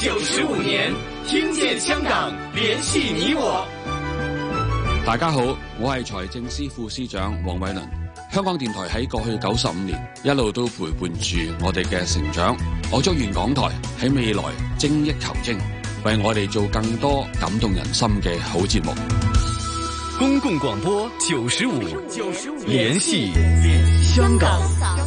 九十五年，聽見香港，聯繫你我。大家好，我係財政司副司長黃偉綸。香港電台喺過去九十五年，一路都陪伴住我哋嘅成長，我祝願港台喺未來精益求精，為我哋做更多感動人心嘅好節目。公共廣播九十五，九十五，聯繫香港。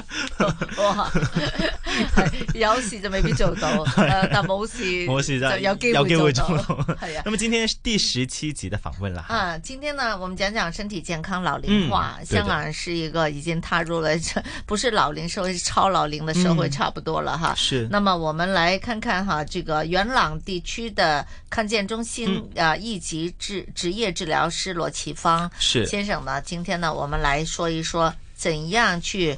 哇，有事就未必做到，但冇事冇事就有機會做到，係 啊、嗯。咁 麼，今天是第十七集的訪問啦。啊、嗯，今天呢，我們講講身體健康老、老齡化。香港人是一個已經踏入了，對對對 不是老齡社會，是超老齡的社會，差不多了哈。是。咁麼，我們來看看哈，這個元朗地區的康健中心、嗯、啊，一級治職業治療師羅啟芳是先生呢。今天呢，我們來說一說，怎樣去，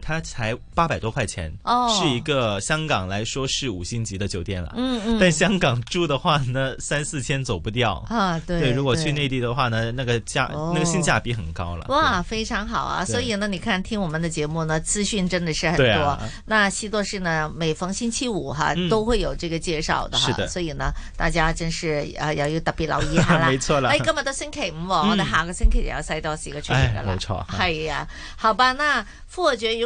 它才八百多塊錢、哦，是一個香港來說是五星級的酒店了。嗯嗯。但香港住的話呢，三四千走不掉啊。對對，如果去內地的話呢，那個價、哦、那個性價比很高了。哇，非常好啊！所以呢，你看聽我們的節目呢，資訊真的是很多。啊、那西多士呢，每逢星期五哈、嗯、都會有這個介紹的哈。是的。所以呢，大家真是啊要有特別留意好了。沒錯啦。哎，今日都星期五，我哋下個星期又有西多士嘅出現噶啦。冇錯。係、啊、呀、啊。好吧，那副處長，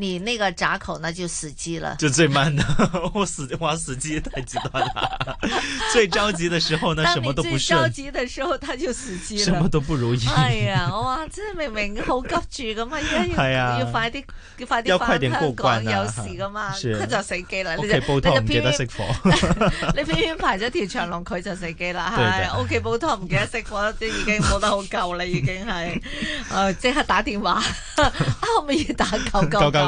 你那個閘口呢就死機了，就最慢的。我死我死機太極端啦 最着急的時候呢，當你最着急嘅時候，什麼都不順。最着急的時候他就死機，什麼都不如意，係、哎、 啊，我話即係明明好急住咁啊，要要快啲要快啲翻香港有事噶嘛，佢就死機啦，屋企煲湯唔記得熄火，你偏偏排咗條長龍佢就死機啦，係屋企煲湯唔記得熄火即已經冇得好夠啦已經係，啊、呃、即刻打電話，可唔可以打九九九？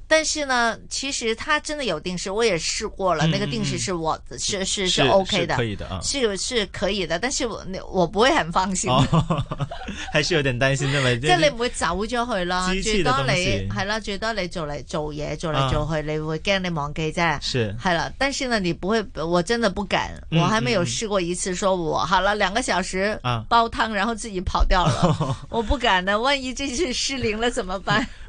但是呢，其實他真的有定時，我也試過了，嗯、那個定時是我、嗯、是是是 OK 的，是可以的，啊、是是可以的。但是我我不會很放心、哦，還是有點擔心 這這這這的嘛。即係你不會走咗去啦，最多你係啦，最多你走嚟做嘢，做嚟做去，走走啊走走走啊、會你會驚你忘記啫。是，係啦。但是呢，你不會，我真的不敢，嗯、我還沒有試過一次，說我、嗯、好了兩個小時啊煲湯啊，然後自己跑掉了，哦、我不敢的。萬一這次失靈了怎麼辦？嗯嗯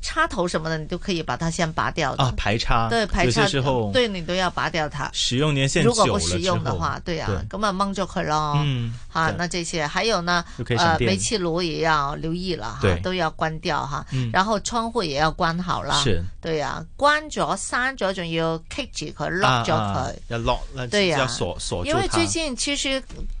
插頭什麼的，你都可以把它先拔掉的。啊，排插。對，排插之後，對你都要拔掉它。使用年限久了之後，如果不使用的話，對呀，咁啊，蒙住佢咯。嗯。好，那這些還有呢，呃，煤氣爐也要留意了哈，哈，都要關掉哈、嗯。然後窗戶也要關好了。對。對呀、啊，關咗閂咗，仲要 keep 住佢 lock 咗佢。要 lock 對呀，鎖鎖住，因為最近其實。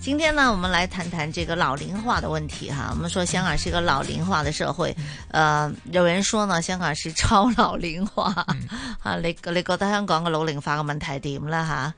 今天呢，我們來談談這個老齡化的問題哈。我們說香港是一個老齡化的社會，呃，有人說呢，香港是超老齡化。啊、嗯，你你覺得香港嘅老齡化嘅問題點啦？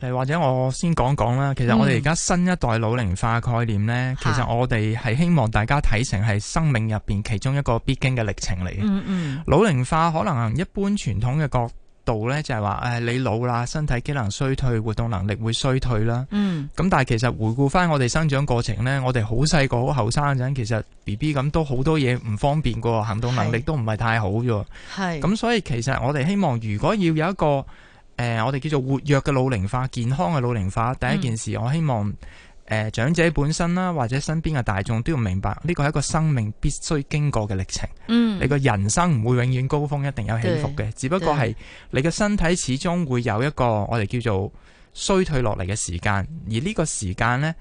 吓，誒，或者我先講講啦。其實我哋而家新一代老齡化的概念咧，嗯，其實我哋係希望大家睇成係生命入邊其中一個必經嘅歷程嚟嘅。嗯嗯。老齡化可能一般傳統嘅角。度咧就係話誒，你老啦，身體機能衰退，活動能力會衰退啦。嗯。咁但係其實回顧翻我哋生長過程咧，我哋好細個好後生嗰陣，其實 B B 咁都好多嘢唔方便噶喎，行動能力都唔係太好㗎喎。係。咁、嗯、所以其實我哋希望，如果要有一個誒、呃，我哋叫做活躍嘅老齡化、健康嘅老齡化，第一件事，嗯、我希望。誒、呃，長者本身啦，或者身邊嘅大眾都要明白，呢個係一個生命必須經過嘅歷程。嗯，你個人生唔會永遠高峰，一定有起伏嘅。只不過係你嘅身體始終會有一個我哋叫做衰退落嚟嘅時間，而呢個時間呢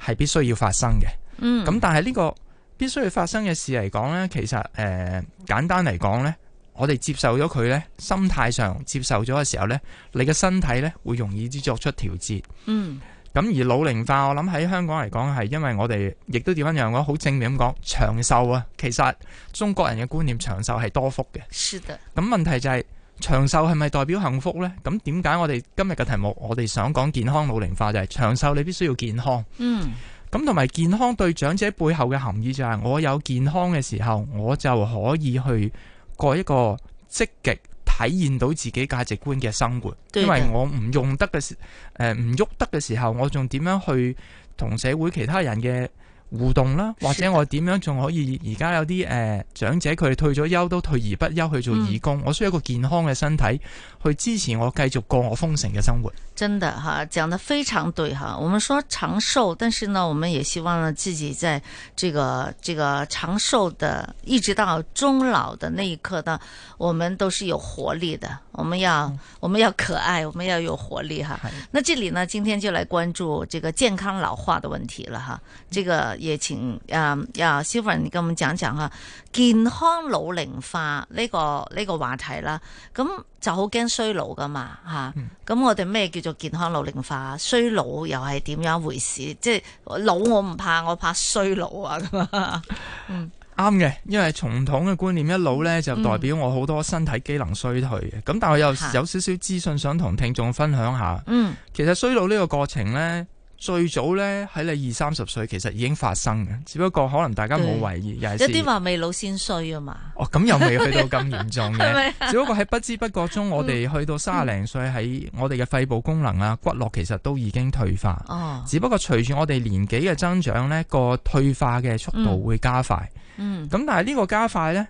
係必須要發生嘅。嗯，咁但係呢個必須要發生嘅事嚟講呢，其實誒、呃、簡單嚟講呢，我哋接受咗佢呢，心態上接受咗嘅時候呢，你嘅身體呢會容易之作出調節。嗯。咁而老齡化，我諗喺香港嚟講，係因為我哋亦都點樣樣講，好正面咁講，長壽啊，其實中國人嘅觀念，長壽係多福嘅。是的。咁問題就係長壽係咪代表幸福咧？咁點解我哋今日嘅題目，我哋想講健康老齡化就係長壽，你必須要健康。嗯。咁同埋健康對長者背後嘅含義就係，我有健康嘅時候，我就可以去過一個積極。體現到自己價值觀嘅生活，因為我唔用得嘅時，誒唔喐得嘅時候，我仲點樣去同社會其他人嘅？互動啦，或者我點樣仲可以？而家有啲誒、呃，長者佢哋退咗休都退而不休去做義工、嗯。我需要一個健康嘅身體去支持我繼續過我豐盛嘅生活。真的哈，講得非常對哈。我們說長壽，但是呢，我們也希望呢自己在這個這個長壽的一直到終老的那一刻呢，我們都是有活力的。我們要、嗯、我們要可愛，我們要有活力哈。那這裏呢，今天就來關注這個健康老化的問題了哈。這個。嗯夜前啊啊 Silvan 咁講一講健康老齡化呢、這個呢、這個話題啦，咁就好驚衰老噶嘛吓，咁、嗯啊、我哋咩叫做健康老齡化？衰老又係點樣一回事？即、就、係、是、老我唔怕，我怕衰老啊！啱、嗯、嘅，因為傳統嘅觀念一老咧就代表我好多身體機能衰退嘅，咁、嗯、但係我有有少少資訊想同聽眾分享下。嗯，其實衰老呢個過程咧。最早咧喺你二三十歲，其實已經發生嘅，只不過可能大家冇懷疑，有啲話未老先衰啊嘛。哦，咁又未去到咁嚴重嘅、 啊，只不過喺不知不覺中，嗯、我哋去到三十零歲，喺、嗯、我哋嘅肺部功能啊、骨骼其實都已經退化。哦。只不過隨住我哋年紀嘅增長咧，個退化嘅速度會加快。嗯。咁、嗯、但係呢個加快咧？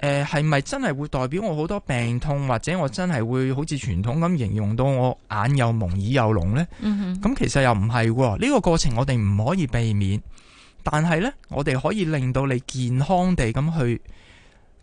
誒、呃，係咪真係會代表我好多病痛，或者我真係會好似傳統咁形容到我眼又蒙、耳又聾呢？咁、mm -hmm. 其實又唔係，呢個過程，我哋唔可以避免，但係呢，我哋可以令到你健康地咁去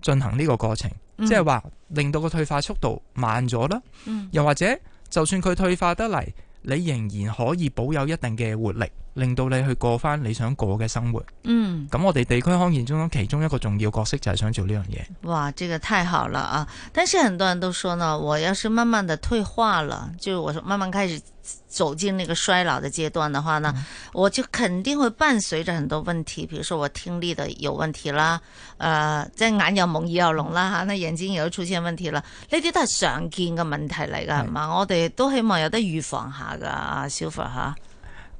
進行呢個過程，mm -hmm. 即係話令到個退化速度慢咗啦。Mm -hmm. 又或者，就算佢退化得嚟，你仍然可以保有一定嘅活力。令到你去過翻你想過嘅生活。嗯，咁我哋地區康健中心其中一個重要角色就係想做呢樣嘢。哇，這個太好了啊！但是很多人都說呢，我要是慢慢的退化了，就我慢慢開始走進那個衰老的階段的話呢，嗯，我就肯定會伴隨着很多問題，比如說我聽力的有問題啦，誒、呃，即、就、係、是、眼又朦耳又聾啦，吓，那眼睛也會出現問題啦。呢啲都係常見嘅問題嚟噶，係嘛？我哋都希望有得預防下噶，啊，小佛吓。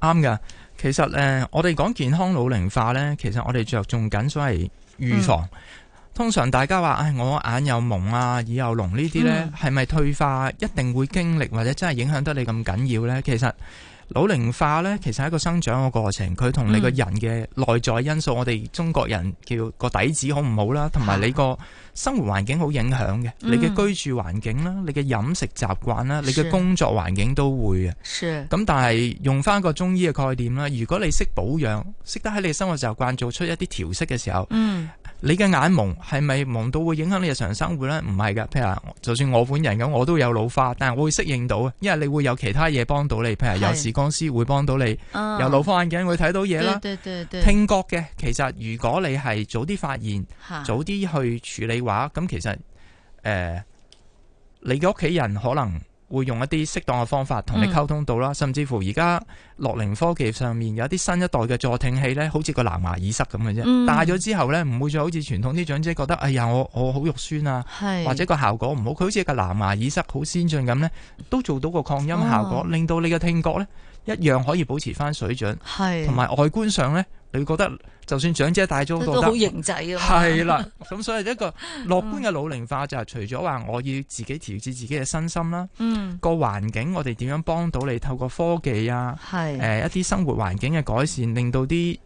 啱噶。其實誒，我哋講健康老齡化呢，其實我哋着重緊所謂預防。通常大家話，唉，我眼又蒙啊，耳又聾呢啲呢，係咪退化一定會經歷，或者真係影響得你咁緊要呢？其實。老齡化呢，其實係一個生長嘅過程。佢同你個人嘅內在因素，嗯、我哋中國人叫個底子好唔好啦，同埋你個生活環境好影響嘅、啊。你嘅居住環境啦、嗯，你嘅飲食習慣啦，你嘅工作環境都會嘅。是。咁但係用翻個中醫嘅概念啦，如果你識保養，識得喺你生活習慣做出一啲調適嘅時候，嗯、你嘅眼蒙係咪蒙到會影響你日常生活呢？唔係㗎。譬如話，就算我本人咁，我都有老花，但係我會適應到。因為你會有其他嘢幫到你，譬如有視。公司會幫到你，啊、由老花眼鏡會睇到嘢啦，聽覺嘅。其實如果你係早啲發現，早啲去處理話，咁其實誒、呃，你嘅屋企人可能會用一啲適當嘅方法同你溝通到啦、嗯。甚至乎而家樂齡科技上面有啲新一代嘅助聽器呢，好似個藍牙耳塞咁嘅啫。戴、嗯、咗之後呢，唔會再好似傳統啲長者覺得，哎呀我我好肉酸啊，或者個效果唔好。佢好似個藍牙耳塞好先進咁呢，都做到個擴音效果，啊、令到你嘅聽覺呢。一樣可以保持翻水準，同埋外觀上呢，你覺得就算長者戴咗好多都好型仔啊！係啦，咁 所以一個樂觀嘅老年化就係、係、除咗話我要自己調節自己嘅身心啦，個、嗯、環境我哋點樣幫到你？透過科技啊，呃、一啲生活環境嘅改善，令到啲。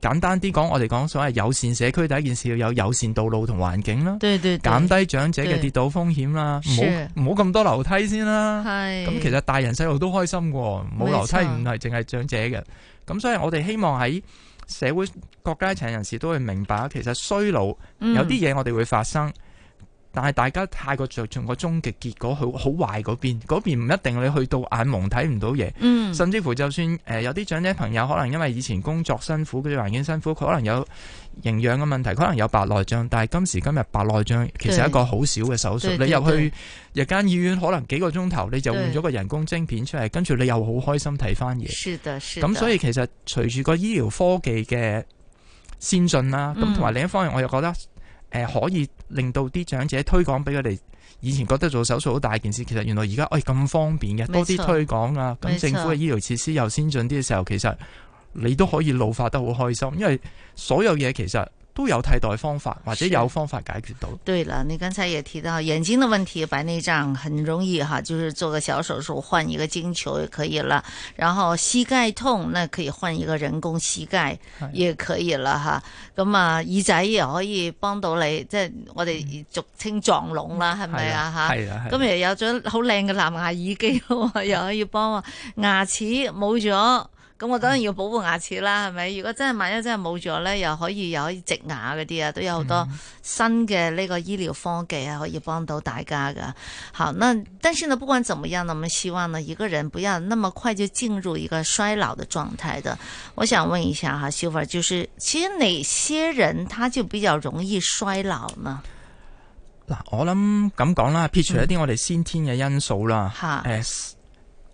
簡單啲講，我哋講所謂友善社區第一件事要有友善道路同環境啦，減低長者嘅跌倒風險啦，唔好唔好咁多樓梯先啦。咁其實大人細路都開心嘅，冇樓梯唔係淨係長者嘅。咁所以，我哋希望喺社會各階層人士都會明白，其實衰老有啲嘢我哋會發生。嗯但係大家太過着重個終極結果，好好壞嗰邊，嗰邊唔一定你去到眼蒙睇唔到嘢，嗯。甚至乎就算誒、呃，有啲長者朋友可能因為以前工作辛苦，佢環境辛苦，佢可能有營養嘅問題，可能有白內障。但係今時今日，白內障其實係一個好少嘅手術，你入去日間醫院，可能幾個鐘頭你就換咗個人工晶片出嚟，跟住你又好開心睇翻嘢。咁所以其實隨住個醫療科技嘅先進啦，咁同埋另一方面，我又覺得。誒、呃，可以令到啲長者推廣俾佢哋，以前覺得做手術好大件事，其實原來而家誒咁方便嘅，多啲推廣啊，咁政府嘅醫療設施又先進啲嘅時候，其實你都可以老化得好開心，因為所有嘢其實。都有替代方法，或者有方法解決到。對啦，你剛才也提到眼睛的問題，白內障很容易哈，就是做個小手術換一個晶球就可以了。然後膝蓋痛，那可以換一個人工膝蓋也可以了哈。咁啊，啊那麼耳仔也可以幫到你，即係我哋俗稱撞聾啦，係咪啊？嚇、就是，咁又、啊啊啊啊啊、有咗好靚嘅藍牙耳機， 又可以幫我牙齒冇咗。咁我當然要保護牙齒啦，係、嗯、咪？如果真係萬一真係冇咗呢，又可以又可以植牙嗰啲啊，都有好多新嘅呢個醫療科技啊，可以幫到大家噶。好，那但是呢，不管怎麼樣呢，我們希望呢一個人不要那麼快就進入一個衰老的狀態的。我想問一下哈，秀芬、嗯、就是其實哪些人他就比較容易衰老呢？嗱，我諗咁講啦，撇除一啲我哋先天嘅因素啦，吓、嗯。S S S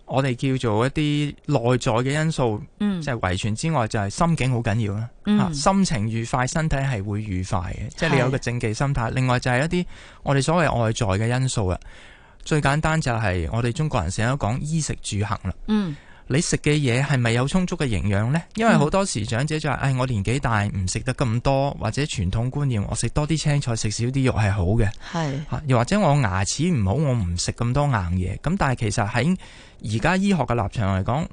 我哋叫做一啲內在嘅因素，即係遺傳之外，就係心境好緊要啦、嗯。心情愉快，身體係會愉快嘅、嗯，即係你有個正氣心態。啊、另外就係一啲我哋所謂外在嘅因素啦。最簡單就係我哋中國人成日都講衣食住行啦。嗯你食嘅嘢係咪有充足嘅營養呢？因為好多時長者就話，唉、哎，我年紀大，唔食得咁多，或者傳統觀念，我食多啲青菜，食少啲肉係好嘅。係，又或者我牙齒唔好，我唔食咁多硬嘢。咁但係其實喺而家醫學嘅立場嚟講，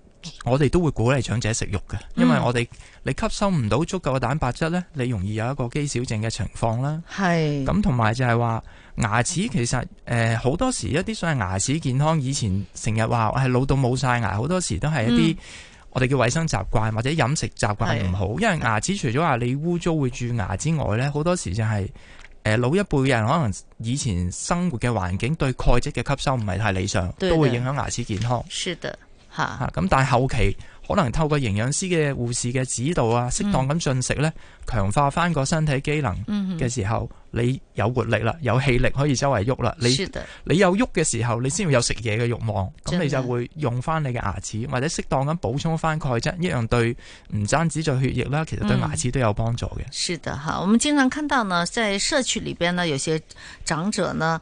我哋都會鼓勵長者食肉嘅，因為我哋你吸收唔到足夠嘅蛋白質呢，你容易有一個肌少症嘅情況啦。係。咁同埋就係話。牙齒其實誒，好、呃、多時一啲所謂牙齒健康，以前成日話係老到冇晒牙，好多時都係一啲、嗯、我哋叫衛生習慣或者飲食習慣係唔好。因為牙齒除咗話你污糟會蛀牙之外咧，好多時就係、是、誒、呃、老一輩嘅人，可能以前生活嘅環境對鈣質嘅吸收唔係太理想，都會影響牙齒健康。是的，吓吓咁，但係後期。可能透過營養師嘅護士嘅指導啊，適當咁進食咧，強、嗯、化翻個身體機能嘅時候，嗯，你有活力啦，有氣力可以周圍喐啦。你你有喐嘅時候，你先會有食嘢嘅慾望，咁你就會用翻你嘅牙齒，或者適當咁補充翻鈣質，一樣對唔單止在血液啦，其實對牙齒都有幫助嘅。是的哈，我們經常看到呢，在社區裏邊呢，有些長者呢。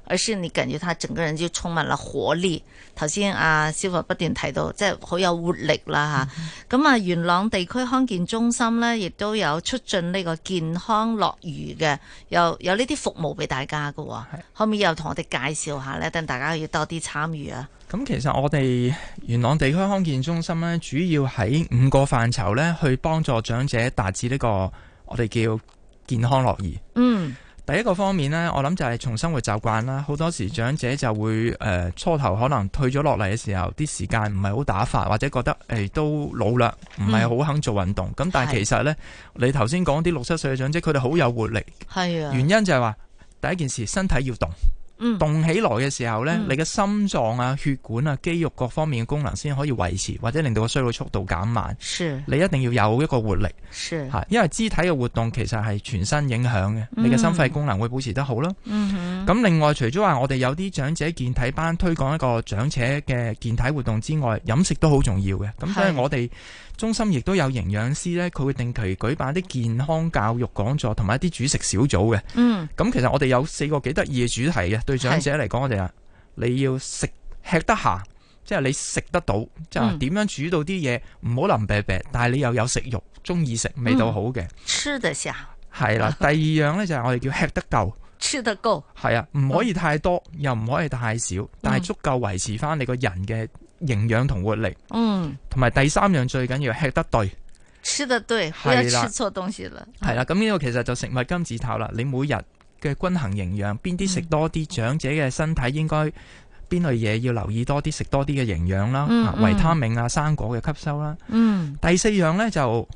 而是你感覺他整個人就充滿了活力。頭先阿蕭華不斷提到，即係好有活力啦吓。咁、嗯、啊，元朗地區康健中心呢，亦都有促進呢個健康樂餘嘅，有有呢啲服務俾大家嘅，哦，可唔可以又同我哋介紹下呢？等大家要多啲參與啊。咁其實我哋元朗地區康健中心呢，主要喺五個範疇呢去幫助長者達至呢個我哋叫健康樂餘。嗯。第一個方面呢，我諗就係從生活習慣啦，好多時長者就會誒、呃、初頭可能退咗落嚟嘅時候，啲時間唔係好打發，或者覺得誒、呃、都老啦，唔係好肯做運動。咁、嗯、但係其實呢，你頭先講啲六七歲嘅長者，佢哋好有活力。係啊，原因就係話第一件事，身體要動。動起來嘅時候呢、嗯，你嘅心臟啊、血管啊、肌肉各方面嘅功能先可以維持，或者令到個衰老速度減慢。係，你一定要有一個活力，吓，因為肢體嘅活動其實係全身影響嘅、嗯，你嘅心肺功能會保持得好囉。咁、嗯、另外，除咗話我哋有啲長者健體班推廣一個長者嘅健體活動之外，飲食都好重要嘅。咁所以我哋中心亦都有營養師呢，佢會定期舉辦啲健康教育講座，同埋一啲煮食小組嘅。嗯，咁其實我哋有四個幾得意嘅主題嘅，對長者嚟講，我哋呀，你要食吃得下，即係你食得到，即係點樣煮到啲嘢唔好淋病病，但係你又有食欲中意食，味道好嘅、嗯。吃得下。係啦，第二樣呢就係我哋叫吃得夠。吃得夠。係啊，唔可以太多，嗯、又唔可以太少，但係足夠維持翻你個人嘅。營養同活力，嗯，同埋第三樣最緊要吃得對，吃得對，不要吃錯東西了，係啦，咁呢、嗯、個其實就食物金字塔啦。你每日嘅均衡營養，邊啲食多啲、嗯，長者嘅身體應該邊類嘢要留意多啲，食多啲嘅營養啦、嗯啊，維他命啊，生、嗯、果嘅吸收啦。嗯，第四樣呢，就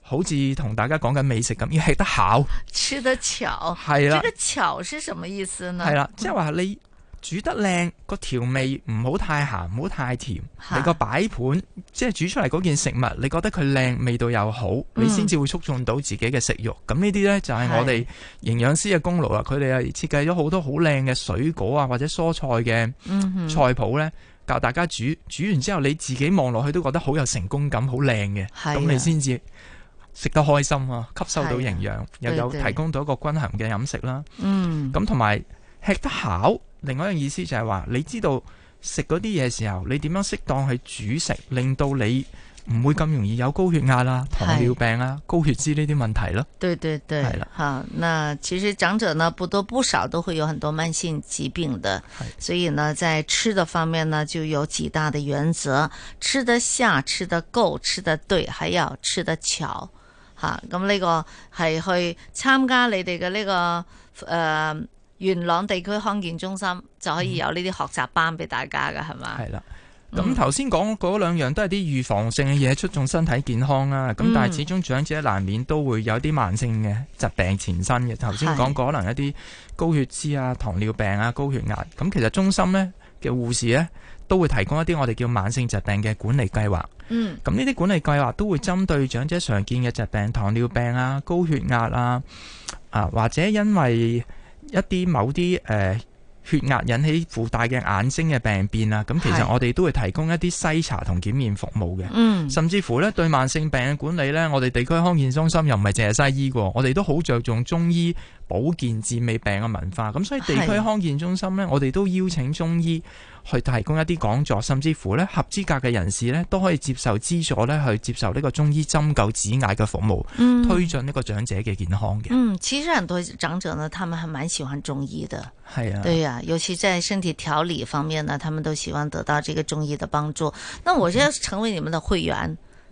好似同大家講緊美食咁，要吃得巧，吃得巧，係啦。這個巧是什麼意思呢？係啦，即係話你。煮得靚，個調味唔好太鹹，唔好太甜。你個擺盤，即係煮出嚟嗰件食物，你覺得佢靚，味道又好，嗯、你先至會促進到自己嘅食慾。咁呢啲呢，就係、是、我哋營養師嘅功勞啊！佢哋啊設計咗好多好靚嘅水果啊或者蔬菜嘅菜譜呢、嗯，教大家煮。煮完之後你自己望落去都覺得好有成功感，好靚嘅，咁、啊、你先至食得開心啊！吸收到營養、啊，又有提供到一個均衡嘅飲食啦。嗯，咁同埋吃得巧。另外一樣意思就係話，你知道食嗰啲嘢時候，你點樣適當去煮食，令到你唔會咁容易有高血壓啦、糖尿病啦、高血脂呢啲問題咯。對對對，係啦，哈，那其實長者呢不多不少都會有很多慢性疾病的，所以呢在吃的方面呢就有幾大的原則：吃得下、吃得夠、吃得對，還要吃得巧。哈，咁呢個係去參加你哋嘅呢個誒。呃元朗地區康健中心就可以有呢啲學習班俾大家嘅，係、嗯、嘛？係啦。咁頭先講嗰兩樣都係啲預防性嘅嘢，促進身體健康啦、啊。咁、嗯、但係始終長者難免都會有啲慢性嘅疾病纏身嘅。頭先講可能一啲高血脂啊、糖尿病啊、高血壓咁，其實中心呢嘅護士呢，都會提供一啲我哋叫慢性疾病嘅管理計劃。嗯。咁呢啲管理計劃都會針對長者常見嘅疾病，糖尿病啊、高血壓啊啊，或者因為。一啲某啲、呃、血壓引起附帶嘅眼睛嘅病變啊，咁其實我哋都會提供一啲篩查同檢驗服務嘅、嗯，甚至乎呢，對慢性病嘅管理呢，我哋地區康健中心又唔係淨係西醫嘅，我哋都好着重中醫保健治未病嘅文化，咁所以地區康健中心呢，啊、我哋都邀請中醫去提供一啲講座，甚至乎呢，合資格嘅人士呢，都可以接受資助呢，去接受呢個中醫針灸、指壓嘅服務，嗯、推進呢個長者嘅健康嘅。嗯，其實很多長者呢，他們還蠻喜歡中醫嘅，係啊，對啊，尤其在身體調理方面呢，他們都希望得到這個中醫的幫助。那我要成為你們的會員，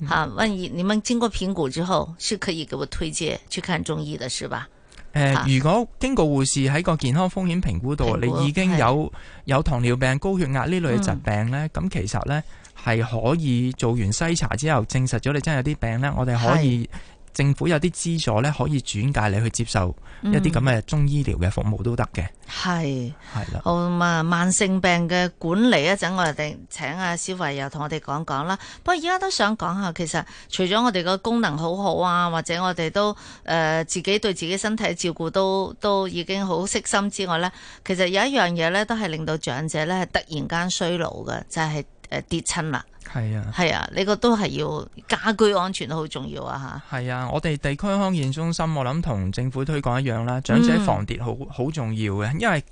哈、嗯啊，萬一你們經過評估之後，是可以給我推薦去看中醫的，是吧？呃，如果經過護士喺個健康風險評估度，你已經有有糖尿病、高血壓呢類嘅疾病呢，咁，嗯，其實呢係可以做完篩查之後，證實咗你真係有啲病呢。我哋可以。政府有啲資助咧，可以轉介你去接受一啲咁嘅中醫療嘅服務都得嘅。係係啦，好啊，慢性病嘅管理一陣，我哋請阿小慧又同我哋講講啦。不過而家都想講下，其實除咗我哋個功能好好啊，或者我哋都誒、呃、自己對自己身體照顧都都已經好悉心之外呢，其實有一樣嘢呢都係令到長者咧突然間衰老嘅，就係、是。誒跌親啦，係啊，係啊，呢個都係要家居安全都好重要啊嚇。係啊，我哋地區康健中心，我諗同政府推廣一樣啦，長者防跌好好、嗯、重要嘅，因為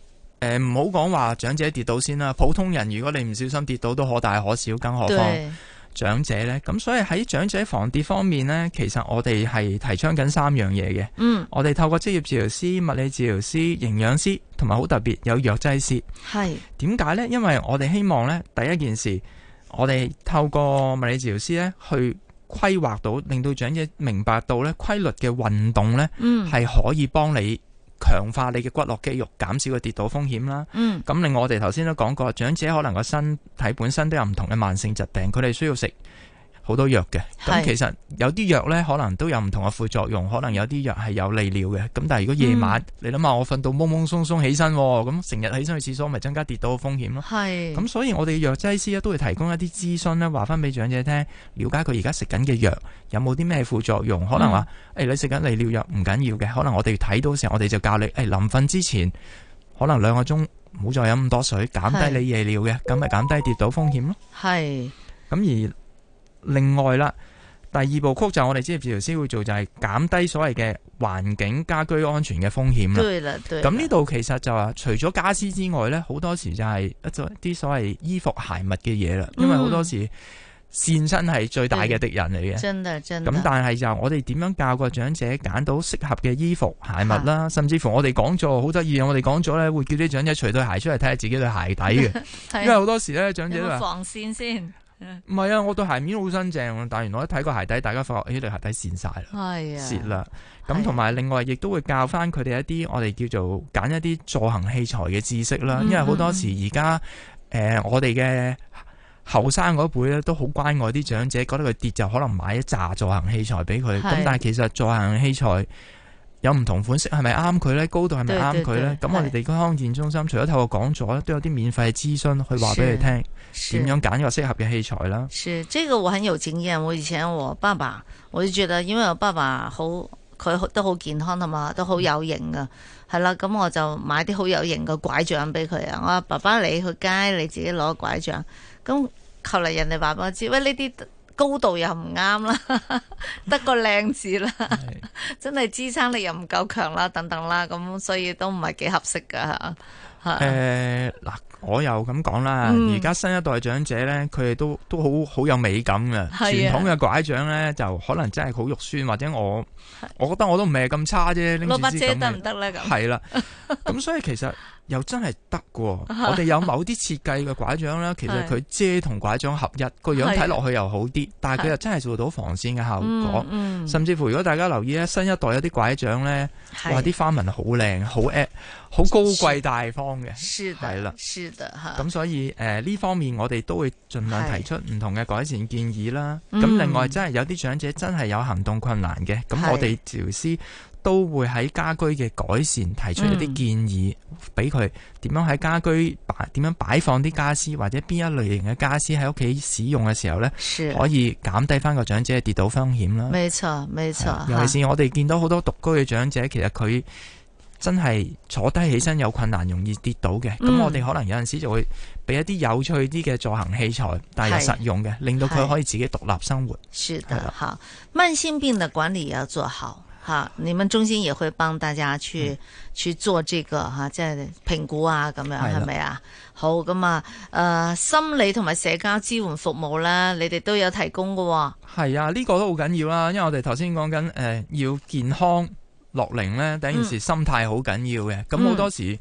誒唔好講話長者跌倒先啦，普通人如果你唔小心跌倒都可大可小，更何況。長者呢？咁所以喺長者防跌方面呢，其實我哋係提倡緊三樣嘢嘅。嗯，我哋透過職業治療師、物理治療師、營養師，同埋好特別有藥劑師。係點解呢？因為我哋希望呢，第一件事，我哋透過物理治療師呢，去規劃到，令到長者明白到呢，規律嘅運動呢，嗯，係可以幫你。強化你嘅骨骼肌肉，減少個跌倒風險啦。嗯，咁，令我哋頭先都講過，長者可能個身體本身都有唔同嘅慢性疾病，佢哋需要食。好多藥嘅，咁其實有啲藥呢，可能都有唔同嘅副作用，可能有啲藥係有利尿嘅，咁但係如果夜晚，嗯、你諗下我瞓到懵懵鬆鬆起身，咁成日起身去廁所，咪增加跌倒嘅風險咯。係，咁所以我哋藥劑師咧都會提供一啲諮詢咧，話翻俾長者聽，了解佢而家食緊嘅藥有冇啲咩副作用，可能話誒、嗯哎、你食緊利尿藥唔緊要嘅，可能我哋睇到時候我哋就教你誒臨瞓之前可能兩個鐘冇再飲咁多水，減低你夜尿嘅，咁咪減低跌倒風險咯。係，咁而。另外啦，第二部曲就係我哋職業治療師會做，就係、是、減低所謂嘅環境家居安全嘅風險啦。咁呢度其實就話，除咗家私之外呢，好多時就係一啲所謂衣服鞋襪嘅嘢啦。因為好多時線身係最大嘅敵人嚟嘅、嗯。真。咁但係就我哋點樣教個長者揀到適合嘅衣服鞋襪啦？甚至乎我哋講咗好得意我哋講咗呢，會叫啲長者除對鞋出嚟睇下自己對鞋底嘅。 因為好多時呢，長者話防線先。唔係 啊，我對鞋面好新淨，但係原來一睇個鞋底，大家發覺呢對、哎、鞋底蝕晒啦，蝕啦、啊。咁同埋另外亦都會教翻佢哋一啲我哋叫做揀一啲助行器材嘅知識啦。因為好多時而家誒我哋嘅後生嗰輩咧都好關愛啲長者，覺得佢跌就可能買一紮助行器材俾佢。咁、啊、但係其實助行器材。有唔同款式，係咪啱佢咧？高度係咪啱佢咧？咁我哋地區康健中心除咗透過講座咧，都有啲免費嘅諮詢去話俾你聽，點樣揀個適合嘅器材啦。是，這個我很有錢嘅人我以前我爸爸，我就覺得，因為我爸爸好，佢都好健康啊嘛，都好有型噶，係、嗯、啦。咁我就買啲好有型嘅拐杖俾佢啊。我話爸爸你去街，你自己攞拐杖。咁後嚟人哋話俾我知，喂呢啲。高度又唔啱啦，得個靚字啦， 真係支撐力又唔夠強啦，等等啦，咁所以都唔係幾合適噶。誒，嗱，我又咁講啦，而、嗯、家新一代長者咧，佢哋都都好好有美感噶，傳統嘅拐杖咧就可能真係好肉酸，或者我我覺得我都唔係咁差啫，攞把遮得唔得咧咁？係啦，咁 所以其實。又真係得喎。 我哋有某啲設計嘅拐杖啦，其實佢遮同拐杖合一個 樣睇落去又好啲，但係佢又真係做到防線嘅效果。 甚至乎，如果大家留意咧，新一代有啲拐杖呢， 哇！啲花紋好靚，好誒好高貴大方嘅，係啦，是咁 所以呢、呃、方面，我哋都會盡量提出唔同嘅改善建議啦。咁 是的 另外，真係有啲長者真係有行動困難嘅，咁我哋治療都會喺家居嘅改善提出一啲建議給他，俾佢點樣喺家居擺點樣擺放啲家私，或者邊一類型嘅家私喺屋企使用嘅時候呢，可以減低翻個長者跌倒風險啦。沒錯，沒錯。尤其是我哋見到好多獨居嘅長者，啊、其實佢真係坐低起身有困難，嗯，容易跌倒嘅。咁、嗯、我哋可能有陣時就會俾一啲有趣啲嘅助行器材，嗯、但係又實用嘅，令到佢可以自己獨立生活。是的，是的是的好。慢性病嘅管理要做好。你們中心也會幫大家去、嗯、去做這個哈，即係、就、評、是、估啊咁樣係咪啊？好咁啊，誒、呃，心理同埋社交支援服務呢，你哋都有提供噶、哦。係啊，呢、這個都好緊要啦、啊，因為我哋頭先講緊誒，要健康樂齡咧，第一件事、嗯、心態好緊要嘅，咁好多時候。嗯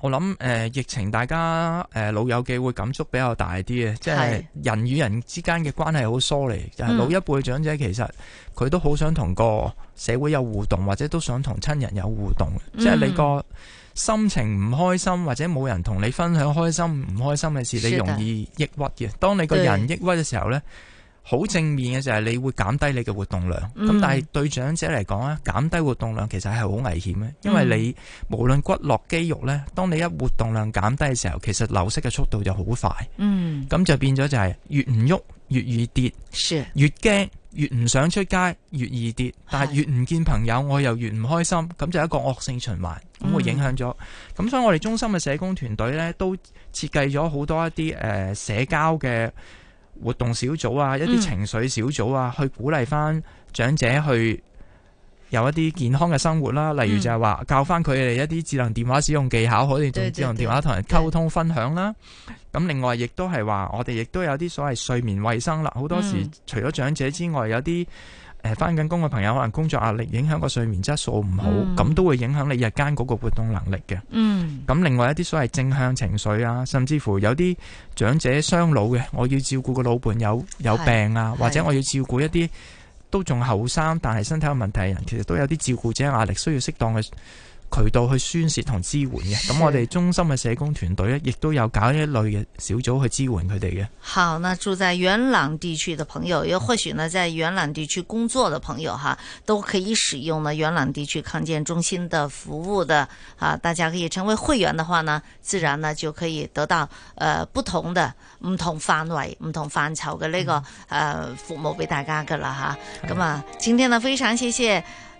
我諗誒、呃，疫情大家誒、呃、老友記會感觸比較大啲，即係人與人之間嘅關係好疏離。就係、是，老一輩嘅長者，其實佢、嗯、都好想同個社會有互動，或者都想同親人有互動。即、嗯、係、就是、你個心情唔開心，或者冇人同你分享開心唔開心嘅事，你容易抑鬱嘅。當你個人抑鬱嘅時、時候呢。好正面嘅就係你會減低你嘅活動量，咁、嗯、但係對長者嚟講咧，減低活動量其實係好危險嘅，因為你、嗯、無論骨骼肌肉呢，當你一活動量減低嘅時候，其實流失嘅速度就好快，咁、嗯、就變咗就係越唔喐越易跌，越驚越唔想出街越易跌，但係越唔見朋友我又越唔開心，咁就係一個惡性循環，咁會影響咗。咁、嗯、所以我哋中心嘅社工團隊呢，都設計咗好多一啲誒、呃、社交嘅。活動小組啊，一啲情緒小組啊、嗯，去鼓勵翻長者去有一啲健康嘅生活啦。例如就係話教翻佢哋一啲智能電話使用技巧，可以用智能電話同人溝通分享啦。咁、嗯、另外亦都係話，我哋亦都有啲所謂睡眠衛生啦。好多時除咗長者之外，有啲。誒返緊工嘅朋友，可能工作壓力影響個睡眠質素唔好，咁都會影響你日間嗰個活動能力嘅。嗯，咁另外一啲所謂正向情緒啊，甚至乎有啲長者雙老嘅，我要照顧個老伴有有病啊，或者我要照顧一啲都仲後生但係身體有問題嘅人，其實都有啲照顧者壓力，需要適當嘅。渠道去宣洩同支援嘅，咁我哋中心嘅社工團隊呢，亦都有搞一類嘅小組去支援佢哋嘅。好，那住在元朗地區嘅朋友，又或許呢，在元朗地區工作嘅朋友哈、哦，都可以使用呢元朗地區康健中心嘅服務的。啊，大家可以成為會員嘅話呢，自然呢就可以得到，誒、呃，不同嘅、唔同範圍、唔同範疇嘅呢、這個，誒、嗯呃，服務俾大家嘅啦，哈。咁啊，今天呢非常謝謝。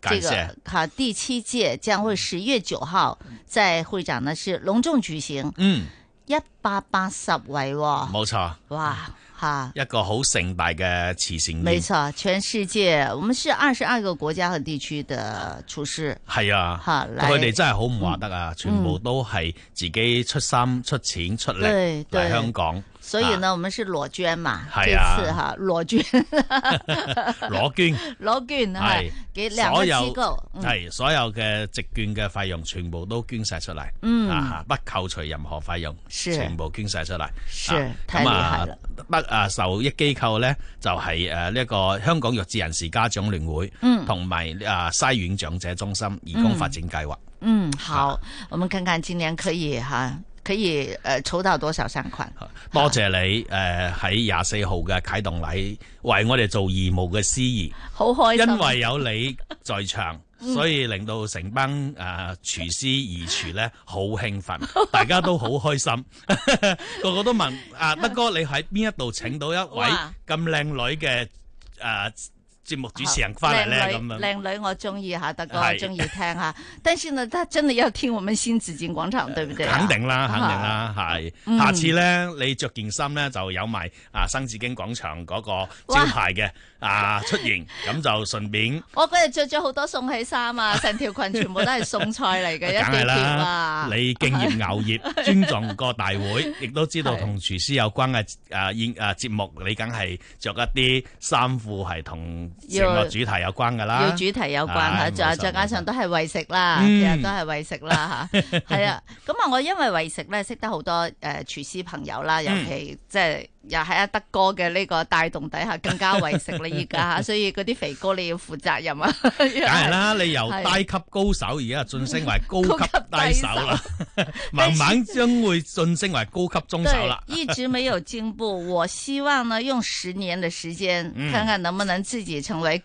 這個哈，第七屆將會十月九號在會場呢，是隆重舉行。嗯，一百八十位喎，哦，冇錯。哇，哈，一個好盛大嘅慈善。沒錯，全世界，我們是二十二個國家和地區的廚師。係啊，哈，佢哋真係好唔話得啊，嗯，全部都係自己出心、出錢、出力嚟香港。所以呢，我們是裸捐嘛，係、啊、次哈，啊、裸，捐 裸捐，裸捐，裸捐，係，所有機構係，所有嘅直捐嘅費用全部都捐晒出嚟，嗯、啊，不扣除任何費用，全部捐晒出嚟，是，太厲害啦，不啊，啊，受益機構呢就係誒呢個香港弱智人士家長聯會，同、嗯、埋啊西院長者中心義工發展計劃，嗯，嗯好、啊，我們看看今年可以哈。啊可以誒儲、呃、到多少上款，多謝你誒喺廿四號嘅啟動禮為我哋做義務嘅司儀，好開心因為有你在場， 所以令到成班誒廚師二廚咧好興奮，大家都好開心， 個個都問啊德哥，你喺邊一度請到一位咁靚女嘅誒？呃節目主持人翻嚟，咧，咁啊，靚女我中意吓，德哥中意聽吓。但係咧，真係有天我們先紫荊廣場，對唔對？肯定啦，肯定啦，係。下次咧，你着件衫咧就有埋啊，新紫荊廣場嗰個招牌嘅啊出現，咁就順便。我嗰日着咗好多餸，起衫啊，成條裙全部都係餸菜嚟嘅，一件件啊。你敬業牛業，尊重個大會，亦都知道同廚師有關嘅誒演誒節目，你梗係着一啲衫褲係同。要主題有關㗎啦，要主題有關嚇，再、哎啊、再加上都係餵食啦，嗯、其實都係餵食啦嚇，係、嗯、 啊，咁啊，我因為餵食咧識得好多誒、呃、廚師朋友啦，尤其即、就、係、是。嗯又喺阿德哥嘅呢個帶動底下更加為食啦依家， 所以嗰啲肥哥你要負責任啊！梗係啦，你由低級高手而家晉升為高級低手啦，手 慢慢將會晉升為高級中手啦。一直沒有進步，我希望呢用十年嘅時間，看看能不能自己成為。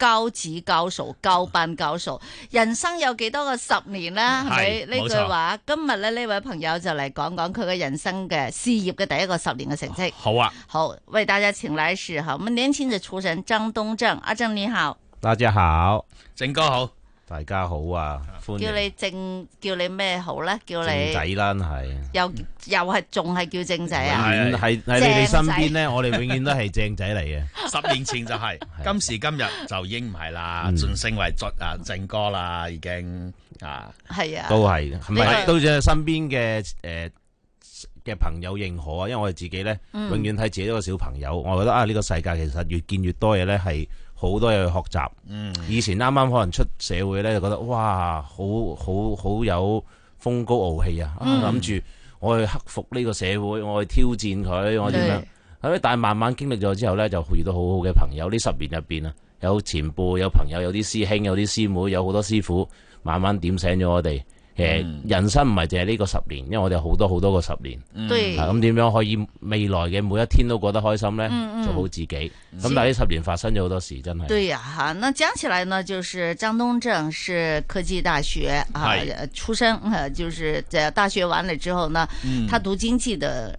交子教女交班教數，人生有幾多個十年咧？係咪呢句話？今日咧，呢位朋友就嚟講講佢嘅人生嘅事業嘅第一個十年嘅成績。好啊，好，為大家請來是我咁年輕嘅廚神張東正，阿正你好。大家好，正哥好。大家好啊！歡迎，叫你正，叫你咩好咧？叫你正仔啦，係又又係，仲係叫正仔。係喺你哋身邊咧，我哋永遠都係正仔嚟嘅。十年前就係，今時今日就已經唔係啦，晉升為作啊正哥啦，已經啊，係啊，都係，係咪都只係身邊嘅誒嘅朋友認可啊？因為我哋自己咧，永遠睇自己一個小朋友，我覺得啊，呢個世界其實越見越多嘢咧，係。好多嘢去學習，以前啱啱可能出社會呢，就覺得哇，好好好有風高傲氣啊！啊，諗住我去克服呢個社會，我去挑戰佢，我點樣？係咪？但係慢慢經歷咗之後呢，就遇到好好嘅朋友。呢十年入邊啊，有前輩、有朋友、有啲師兄、有啲師妹、有好多師傅，慢慢點醒咗我哋。人生唔係淨係呢個十年，因為我哋好多好多個十年。對、嗯，咁點樣可以未來嘅每一天都過得開心呢？做好自己，咁、嗯嗯、但係呢十年發生咗好多事，真係。對呀、啊，那講起來呢，就是張東正是科技大學啊，出生，就是在大學完了之後呢，嗯、他讀經濟的。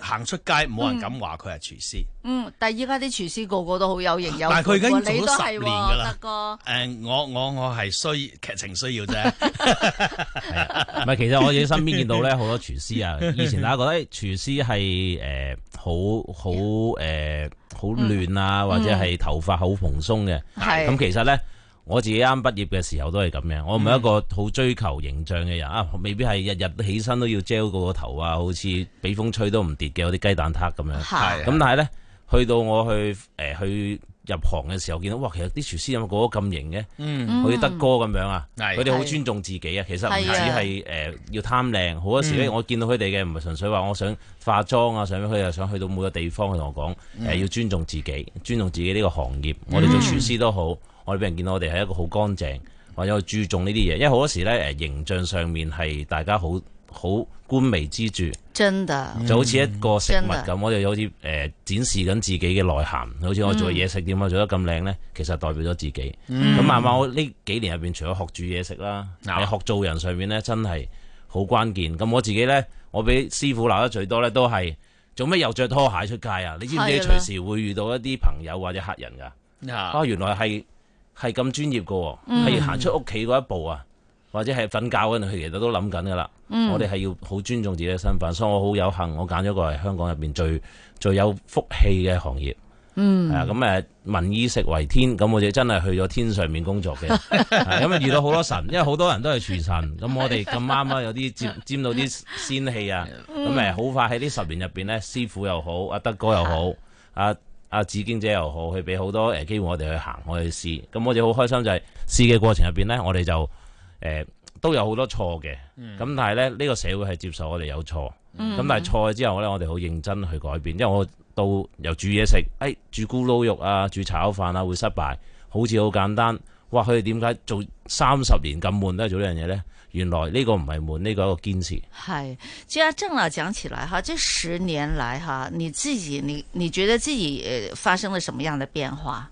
行出街冇人敢話佢係廚師。嗯，嗯，但係依家啲廚師個個都好有型有，但係佢已經做咗十年㗎啦。誒、哦、嗯，我我我係需劇情需要啫。 其實我哋身邊見到咧好多廚師啊。以前大家覺得廚師係、呃、好好誒、呃、好嫩啊，或者係頭髮好蓬鬆嘅。咁、嗯、嗯，其實咧。我自己啱畢業嘅時候都係咁樣，我唔係一個好追求形象嘅人啊，未必係日日起身都要遮個個頭啊，好似俾風吹都唔跌嘅嗰啲雞蛋撻咁樣。係。咁但係咧，去到我去誒、呃、去入行嘅時候，見到哇，其實啲廚師有冇個個咁型嘅？嗯。好似德哥咁樣啊，佢哋好尊重自己啊。其實唔止係誒要貪靚，好多時咧我見到佢哋嘅唔係純粹話我想化妝啊，想面佢又想去到每個地方去同我講誒、呃、要尊重自己，尊重自己呢個行業，我哋做廚師都好。我俾人見到我哋係一個好乾淨，或者注重呢啲嘢，因為好多時咧誒形象上面係大家好好觀微之著，真嘅，就好似一個食物咁，我哋好似誒、呃、展示緊自己嘅內涵，好似我做嘢食點樣、嗯、做得咁靚咧，其實代表咗自己。咁慢慢我呢幾年入邊，除咗學煮嘢食啦，no. 學做人上面咧真係好關鍵。咁我自己咧，我俾師傅鬧得最多咧，都係做咩又着拖鞋出街啊？你知唔知隨時會遇到一啲朋友或者客人噶、yeah. 啊？原來係～係咁專業嘅喎，係要行出屋企嗰一步啊，或者係瞓覺嗰陣，佢其實都諗緊噶啦。我哋係要好尊重自己嘅身份，所以我好有幸，我揀咗個係香港入邊最最有福氣嘅行業。係、嗯、啊，咁誒民以食為天，咁我哋真係去咗天上面工作嘅，咁 為、啊、遇到好多神，因為好多人都係廚神，咁我哋咁啱啊，有啲沾沾到啲仙氣啊，咁咪好快喺呢十年入邊咧，師傅又好，阿德哥又好，阿。啊！自經者又好，佢俾好多誒、呃、機會我哋去行，我去試。咁我哋好開心就係試嘅過程入面呢，我哋就、呃、都有好多錯嘅。咁但係呢、呢個社會係接受我哋有錯。咁但係錯咗之後呢，我哋好認真去改變。因為我到又煮嘢食，誒、哎、煮咕嚕肉啊，煮炒飯啊會失敗，好似好簡單。哇！佢哋點解做三十年咁悶都係做呢樣嘢呢？原來呢個唔係悶，呢、這個係一個堅持。係，即係阿鄭老講起來哈，即係十年來哈，你自己你你覺得自己誒發生了什麼樣的變化？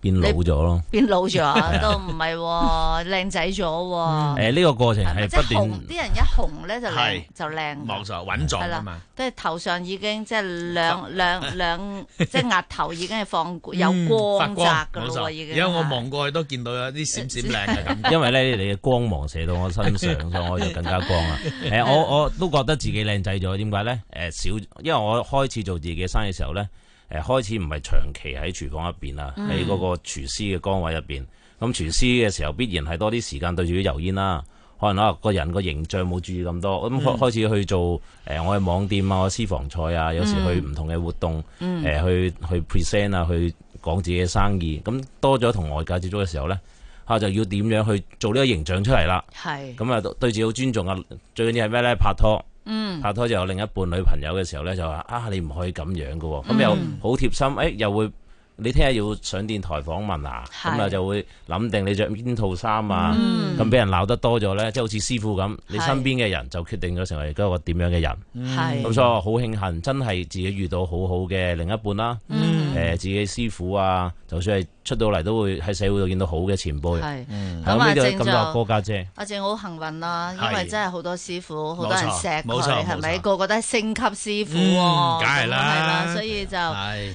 變老咗咯，變老咗 都唔係是、哦，靚 仔咗，哦。誒、嗯、呢、呃，這個過程係不斷。啲人一紅咧就靚，就靚。冇錯，穩狀噶嘛。帥撞、帥撞 即係頭上已經即係兩兩兩，即係額頭已經係放、嗯、有光澤噶咯，已經。因為我望過去都見到有啲閃閃靚嘅感。因為咧，你嘅光芒射到我身上， 所以我就更加光啦。誒、 呃，我我都覺得自己靚仔咗，點解咧？誒、呃，少，因為我開始做自己嘅生意嘅時候咧。誒開始唔係長期喺廚房入面啦，喺嗰個廚師嘅崗位入面。咁、嗯、廚師嘅時候必然係多啲時間對住啲油煙啦。可能啊，個人個形象冇注意咁多。咁、嗯、開開始去做誒，我嘅網店啊，私房菜啊，有時去唔同嘅活動，嗯呃、去去 present 啊，去講自己嘅生意。咁多咗同外界接觸嘅時候咧，嚇就要點樣去做呢個形象出嚟啦？咁啊，對自己好尊重啊。最緊要係咩咧？拍拖。嗯，拍拖就有另一半女朋友嘅時候咧，就話啊，你唔可以咁樣嘅、哦，咁、嗯、又好貼心，誒、哎，又會你聽日要上電台訪問啊，咁啊就會諗定你着邊套衫啊，咁、嗯、俾人鬧得多咗咧，即係好似師傅咁，你身邊嘅人就決定咗成為而家個點樣嘅人，咁所以好慶幸，真係自己遇到好好嘅另一半啦、啊，誒、嗯呃，自己師傅啊，就算係。出到嚟都會喺社會度見到好嘅前輩。係，咁、嗯嗯嗯、啊，正就哥家姐，姐，我、啊、正好幸運啦、啊，因為真係好多師傅，好多人錫佢，冇錯，係咪個個都係升級師傅啊？梗係啦，所以就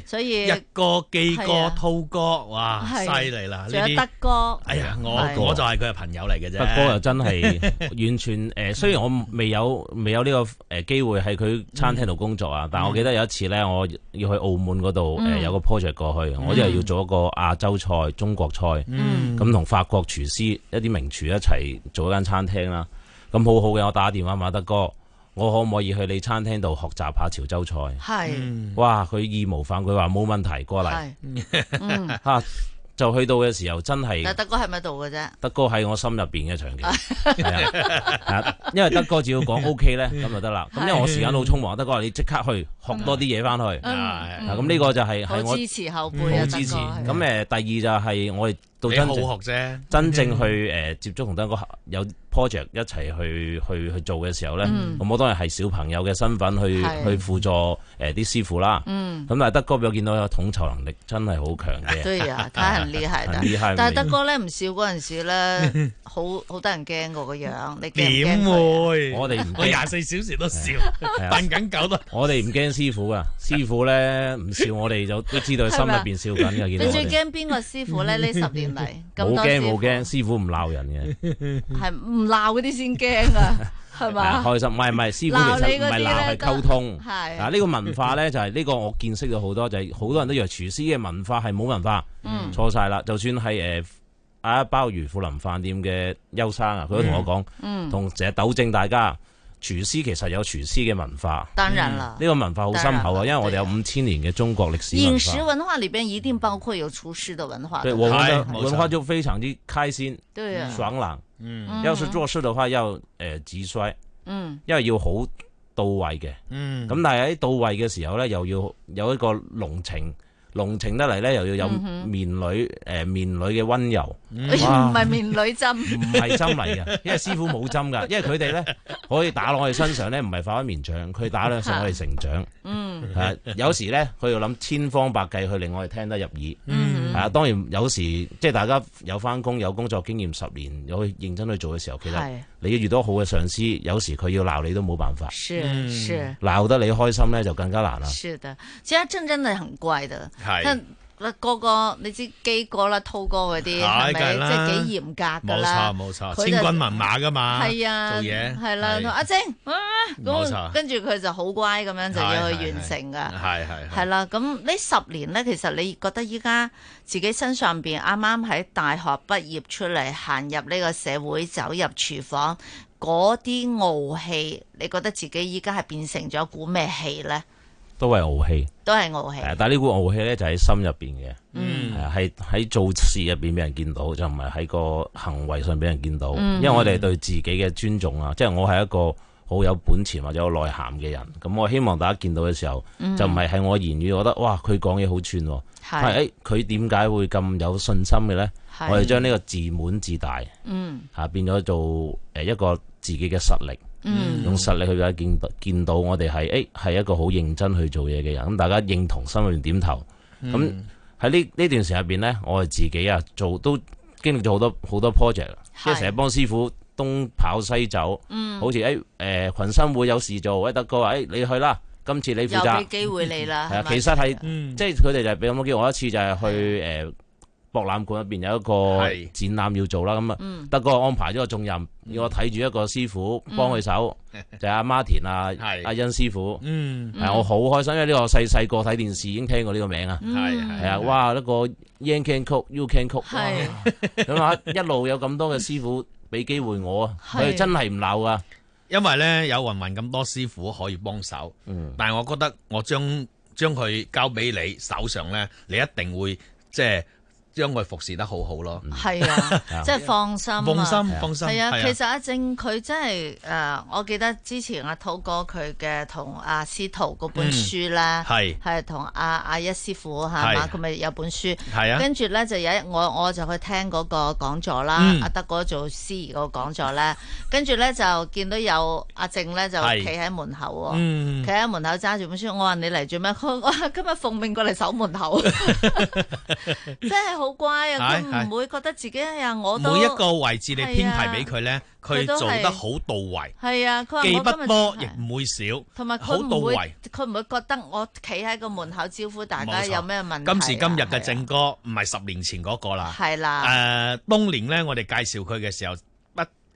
所以一哥、基哥、滔哥，哇，犀利啦！仲有德哥，哎呀，我我就係佢嘅朋友嚟嘅啫。德哥又真係完全誒、 呃，雖然我未有未有呢個誒機會，喺佢餐廳度工作啊、嗯，但我記得有一次咧，我要去澳門嗰度誒，有個 project 過去，嗯、我啲係要做一個啊。洲菜、中國菜，咁、嗯、同法國廚師一啲名廚一齊做一間餐廳啦。咁好好嘅，我打電話話馬德哥，我可唔可以去你餐廳度學習一下潮州菜？係、嗯，哇！佢義無反顧話冇問題，過嚟吓。 就去到嘅時候，真係。但係德哥係咪度嘅啫？德哥係我心入邊嘅場景，係 啊，因為德哥只要講 O K 咧，咁就得啦。咁因為我時間好匆忙， 德哥話，你即刻去學多啲嘢翻去啊！咁、嗯、呢、嗯、個就係、是、係、嗯、我支持後輩，我、嗯、支持。咁誒，第二就係我哋。你好學啫，真正去誒接觸同德哥有 project 一齊去去去做嘅時候咧，咁、嗯、我當然係小朋友嘅身份去去輔助誒啲師傅啦。咁、嗯、但係德哥俾我見到有統籌能力真的很的，真係好強嘅。都有睇人厲害，但係但德哥咧唔笑嗰陣時咧， 好好得人驚個個樣。你點會、啊？我哋我廿四小時都笑，瞓緊狗都，我哋唔驚師傅噶。 師傅咧唔笑，我哋就都知道佢心入邊笑緊。你最驚邊個師傅咧？呢十年？冇驚冇驚，師傅唔鬧人嘅 ，係唔鬧嗰啲先驚啊，係嘛？開心，唔係唔係，師傅其實唔係鬧，係溝通。係啊，呢個文化咧就係、是、呢個我見識咗好多，就係、是、好多人都以為廚師嘅文化係冇文化，錯晒啦。就算係誒阿一鮑魚富林飯店嘅邱生啊，佢都同我講，同成日糾正大家。廚師其實有廚師嘅文化，當然啦，呢、這個文化好深厚啊，因為我哋有五千年嘅中國歷史。飲食文化裏邊一定包括有廚師嘅文化，對我們的都、哎、文化就非常之開心、對爽朗。嗯，要是做事的話要誒急、呃、衰，嗯，因為要好到位嘅，嗯，咁但係喺到位嘅時候咧，又要有一個濃情。濃情得嚟咧，又要有面女誒面、嗯呃、女嘅溫柔，唔係面女針，唔係針嚟嘅， 因為師傅冇針㗎，因為佢哋咧可以打落我哋身上咧，唔係化開綿長，佢打咧上我哋成長，係、嗯呃，有時咧佢要諗千方百計去令我哋聽得入耳。嗯係啊，當然有時即係大家有翻工，有工作經驗十年，有認真去做嘅時候，其實你要遇到好嘅上司，有時佢要鬧你都冇辦法。是是，鬧得你開心呢就更加難啦。是的，其實真真真係很怪的。嗱，個個你知基哥，哥係係啦，濤哥嗰啲係咪？即係幾嚴格噶啦，冇錯冇錯，千軍萬馬噶嘛，係啊，做嘢係、啊、啦。阿晶，跟住佢就好乖咁樣，就要去完成噶，係係係啦。咁呢十年咧，其實你覺得依家自己身上邊啱啱喺大學畢業出嚟，行入呢個社會，走入廚房嗰啲傲氣，你覺得自己依家係變成咗股咩氣咧？都係傲氣，都係傲氣。但係呢股傲氣呢，就喺心入邊嘅，係喺做事入邊俾人見到，就唔係喺個行為上俾人見到。嗯、因為我哋對自己嘅尊重啊、嗯，即係我係一個好有本錢或者有內涵嘅人。咁我希望大家見到嘅時候，嗯、就唔係喺我言語，覺得哇佢講嘢好串，係誒佢點解會咁有信心嘅呢？我哋將呢個自滿自大，吓、嗯啊、變咗做一個自己嘅實力。用實力去睇見到見到我哋係誒係一個好認真去做嘢嘅人，咁大家認同心裏面點頭。咁喺呢呢段時間入邊咧，我哋自己啊做都經歷咗好多好多 project，即係成日幫師傅東跑西走。嗯、好似誒誒群生會有事做，威、哎、德哥話誒、哎、你去啦，今次你負責。又俾機會你啦。係、嗯、啊是是，其實係即係佢哋就係俾咁多機會我一次就去，就係去誒。博覽館入邊有一個展覽要做啦，咁啊，德哥安排咗個重任，要、嗯、我睇住一個師傅幫佢手，就係阿、是、Martin 是啊，阿甄師傅，係、啊嗯、我好開心，因為呢個細細個睇電視已經聽過呢個名啊，係啊、那個，哇，一個 Yan can cook，You can cook，咁啊，一路有咁多嘅師傅俾機會我，佢真係唔鬧噶，因為咧有云云咁多師傅可以幫手、嗯，但係我覺得我將將佢交俾你手上咧，你一定會即係。因為服侍得好好咯，係啊，即、就、係、是、放心啊，放心，係啊。其實阿正佢真係誒，我記得之前阿兔哥佢嘅同阿司徒嗰本書咧，係係同阿阿一師傅嚇嘛，佢、啊、咪有本書，係啊。跟住咧就有一我我就去聽嗰個講座啦、嗯，阿德哥做司儀個講座咧，跟住咧就見到有阿正咧就企喺門口喎，企喺、嗯、門口揸住本書，我話你嚟做咩？佢我今日奉命過嚟守門口，即係。好乖啊！佢唔會覺得自己係啊，我每一個位置你編排俾佢咧，佢做得好到位。係啊，佢話我記不多亦唔會少，同埋佢唔會，佢唔會覺得我企喺個門口招呼大家有咩問題啊？今時今日嘅正哥唔係十年前嗰個啦，係啦。誒，呃，當年咧，我哋介紹佢嘅時候。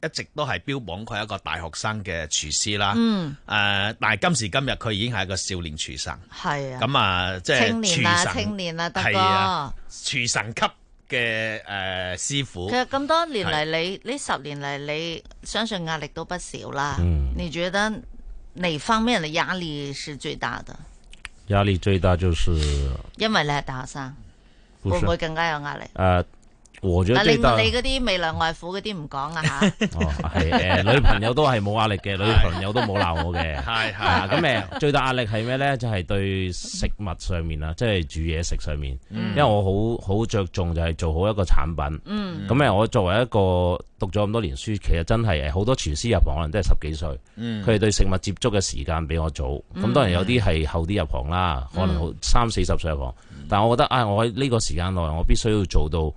一直都係標榜佢係一個大學生嘅廚師啦，誒、嗯呃，但係今時今日佢已經係一個少年廚神，係啊，咁啊，即、就、係、是、青年啊，青年啊，得哥，廚神級嘅誒、呃、師傅。其實咁多年嚟，你呢十年嚟，你相信壓力都不少啦、嗯。你覺得哪方面的壓力是最大的？壓力最大就是因為你係大學生，會唔會更加有壓力？誒、呃。和咗、啊、你嗰啲未來外父嗰啲唔講啊吓。 哦，係誒、呃，女朋友都係冇壓力嘅， 女朋友都冇鬧我嘅。係 係、啊，咁 誒、嗯、最大壓力係咩咧？就係、是、對食物上面啦，即、就、係、是、煮嘢食上面。嗯、因為我好好着重就係做好一個產品。咁、嗯、誒，嗯、我作為一個讀咗咁多年書，其實真係誒好多廚師入行可能都係十幾歲。佢、嗯、哋對食物接觸嘅時間比我早。咁、嗯、當然有啲係後啲入行啦、嗯，可能三四十歲入行。嗯、但係我覺得啊、哎，我喺呢個時間內，我必須要做到。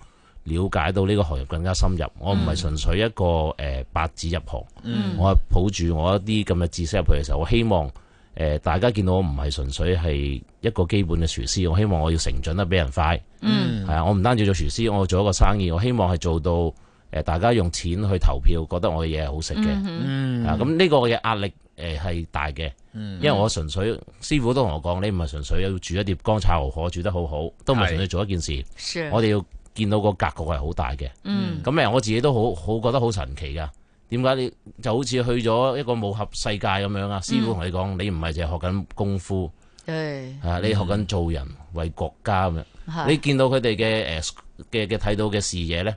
了解到呢個行業更加深入，我唔係純粹一個誒白紙入行，嗯、我係抱住我一啲咁嘅知識入去嘅時候，我希望誒、呃、大家見到我唔係純粹係一個基本嘅廚師，我希望我要成長得比人快，係、嗯、啊！我唔單止做廚師，我做一個生意，我希望係做到誒、呃、大家用錢去投票，覺得我嘅嘢係好食嘅、嗯嗯，啊！咁、這、呢個嘅壓力誒係、呃、大嘅，因為我純粹、嗯嗯、師傅都同我講，你唔係純粹要煮一碟乾炒河河煮得好好，都唔係純粹做一件事，我哋要。見到個格局係好大嘅，咁、嗯、誒我自己都好好覺得好神奇噶。點解你就好似去咗一個武俠世界咁樣啊？師傅同你講，你唔係淨係學緊功夫，嚇、嗯啊、你學緊做人為國家嘅、嗯。你見到佢哋嘅誒嘅嘅睇到嘅視野咧，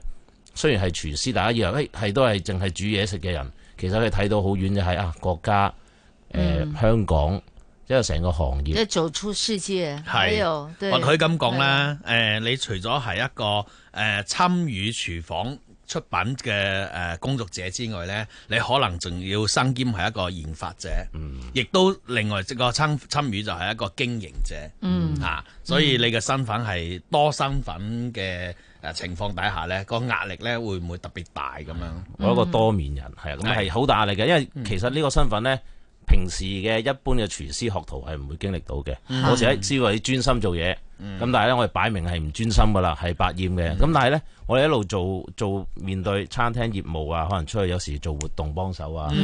雖然係廚師，大家以為誒係都係淨係煮嘢食嘅人，其實佢睇到好遠就係、是、啊國家誒、呃、香港。嗯即係成個行業，即係走出世界，係。我佢咁講啦。誒、呃，你除咗係一個誒參與廚房出品嘅誒、呃、工作者之外咧，你可能仲要身兼係一個研發者，嗯，亦都另外一個參參與就係一個經營者，嗯，吓，所以你嘅身份係多身份嘅誒情況底下咧，個、嗯、壓力咧會唔會特別大咁樣、嗯？我一個多面人係啊，咁係好大壓力嘅，因為其實呢個身份咧。嗯嗯平時嘅一般嘅廚師學徒係唔會經歷到嘅、嗯。我只係知道你專心做嘢，咁、嗯、但係咧我哋擺明係唔專心㗎喇，係百厭嘅。咁、嗯、但係咧，我哋一路做做面對餐廳業務啊，可能出去有時做活動幫手啊，咁、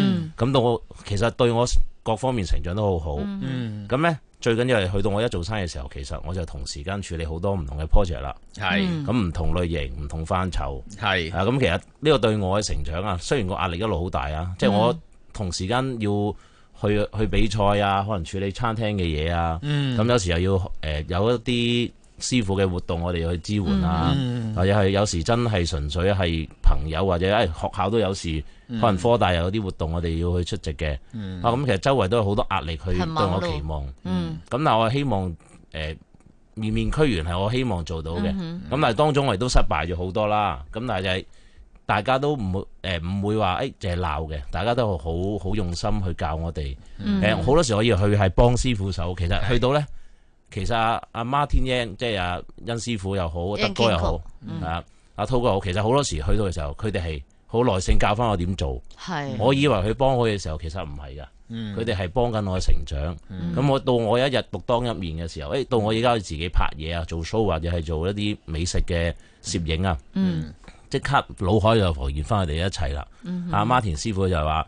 嗯、到我，其實對我各方面成長都好好。咁、嗯、咧最緊要係去到我一做生意嘅時候，其實我就同時間處理好多唔同嘅 project 啦。係咁唔同類型、唔同範疇。係啊，咁其實呢個對我嘅成長啊，雖然個壓力一路好大啊、嗯，即係我同時間要。去去比賽啊，可能處理餐廳嘅嘢啊，咁、嗯、有時又要、呃、有一啲師傅嘅活動，我哋去支援啊，嗯嗯、或者係有時真係純粹係朋友或者係、哎、學校都有時、嗯、可能科大又有啲活動，我哋要去出席嘅、嗯。啊，咁其實周圍都有好多壓力，去對我期望。咁、嗯嗯、但係我希望、呃、面面俱圓係我希望做到嘅。咁、嗯嗯、但係當中我亦都失敗咗好多啦。咁但係就係、係。大家都唔會誒，唔、欸、會話誒，淨係鬧嘅。大家都好好用心去教我哋。誒、嗯，好、欸、多時可以去係幫師傅手。其實去到咧，其實阿阿孖天英，啊、Yang, 即係阿殷師傅又好，Yang、德哥又好，嗯、啊阿濤、啊、哥好。其實好多時去到嘅時候，佢哋係好耐性教翻我點做。係。我以為佢幫我嘅時候，其實唔係噶。佢哋係幫緊我嘅成長。咁、嗯、我到我一日獨當一面嘅時候，誒、欸，到我而家自己拍嘢啊，做 show 或者係做一啲美食嘅攝影啊。嗯。嗯即刻腦海又浮現翻佢哋一齊啦。阿馬田師傅就話：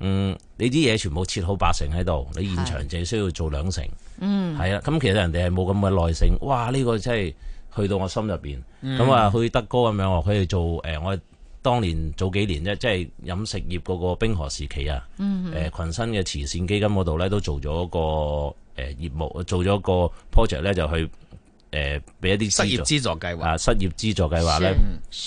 嗯，你啲嘢全部切好八成喺度，你現場淨係需要做兩成。嗯，係、嗯、啦。咁其實人哋係冇咁嘅耐性。哇！呢、這個真係去到我心入邊。咁、嗯、啊，去德哥咁樣，佢哋做誒、呃，我當年早幾年咧，即係飲食業嗰個冰河時期啊。誒、嗯呃，群新嘅慈善基金嗰度咧，都做咗個誒、呃、業務，做咗個 project 咧，就去。誒、呃，俾一啲失業資助計劃，失業資助計劃咧，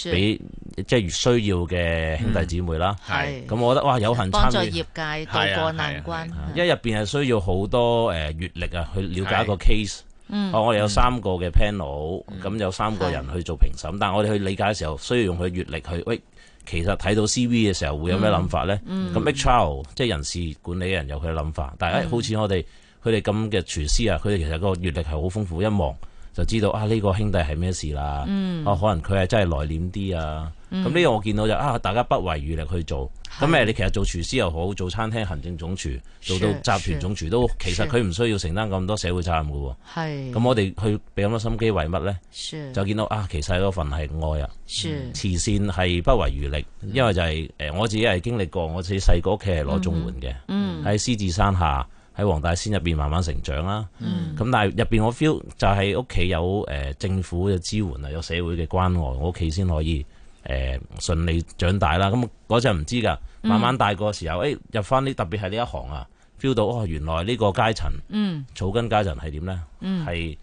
俾、啊、即係越需要嘅兄弟姊妹啦。係、嗯，咁我覺得哇，有幸幫助業界渡過難關，啊啊啊啊、因為入邊係需要好多誒閱歷啊，去了解一個 case，嗯啊。我哋有三個嘅 panel，咁、嗯嗯、有三個人去做評審。但係我哋去理解嘅時候，需要用佢閱歷去喂，其實睇到 CV 嘅時候會有咩諗法咧？咁 Mitchell 即係人事管理人有佢嘅諗法，嗯、但係、哎、好似我哋佢哋咁嘅廚師啊，佢哋其實個閱歷係好豐富，一望。就知道啊，呢、這個兄弟係咩事啦、啊？哦、嗯啊，可能佢係真係內斂啲啊。咁、嗯、呢、這個我見到就啊，大家不遺餘力去做。咁誒，那麼你其實做廚師又好，做餐廳行政總廚，做到集團總廚都，其實佢唔需要承擔咁多社會責任嘅喎。係。咁、啊、我哋去俾咁多心機為乜咧？就見到啊，其實嗰份係愛啊，是慈善係不遺餘力，因為就係誒我自己係經歷過，我自己細個屋企係攞綜援嘅，喺獅子山下。喺黃大仙入邊慢慢成長啦，咁、嗯、但係入邊我 feel 就係屋企有誒、呃、政府嘅支援啊，有社會嘅關愛，我屋企先可以誒順、呃、利長大啦。咁嗰陣唔知㗎，慢慢大個時候，誒、嗯哎、入翻呢特別係呢一行啊，feel 到哦原來呢個階層、嗯、草根階層係點咧，係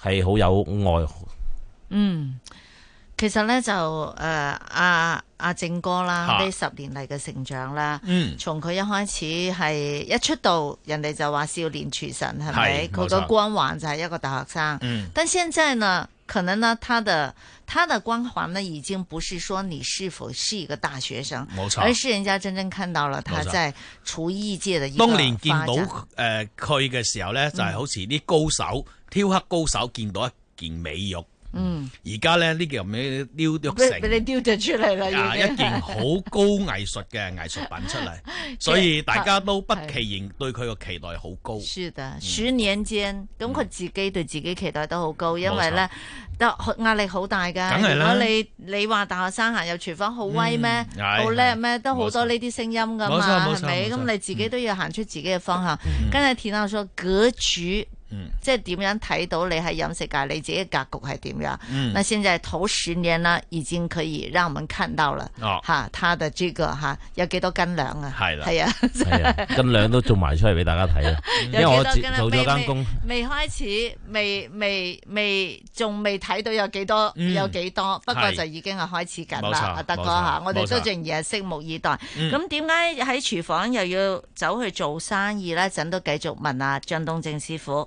係好有愛。嗯其實呢，就誒阿阿正哥啦，呢、啊、十年嚟嘅成長啦，嗯、從佢一開始係一出道，人哋就話少年廚神係咪？佢個光環就係一個大學生。嗯、但現在呢，可能呢，他的他的光環呢，已經不是說你是否是一個大學生，冇錯，而是人家真正看到了他在廚藝界的一個發展。當年見到誒佢嘅時候呢，就係好似啲高手，嗯、高手挑黑高手見到一件美玉。嗯，而家咧呢件咩雕玉俾你雕著出嚟啦！一件好高藝術嘅藝術品出嚟， 所以大家都不期然對佢個期待好高。嗯、是鼠年間咁佢自己對自己期待都好高、嗯，因為咧，得、嗯、壓力好大噶。梗係啦，你你話大學生行入廚房好威咩？好叻咩？都好多呢啲聲音噶嘛，係咪？咁你自己都要行出自己嘅方向。嗯、跟住提到說格主。」嗯、即係點樣睇到你喺飲食界，你自己嘅格局係點樣？嗯，那現在頭十年啦，已經可以讓我們看到了。哦，吓，Tadez 哥吓，有幾多斤兩啊？係啦，係啊，斤 兩、哎、都做埋出嚟，俾大家睇啊！ 因為我做咗間工未未，未開始，未未未，仲未睇到有幾多，有幾多，不過就已經係開始緊啦。阿、啊、德哥吓、啊，我哋都仲係拭目以待。咁點解喺廚房又要走去做生意咧？陣都繼續問阿、啊、張東正師傅。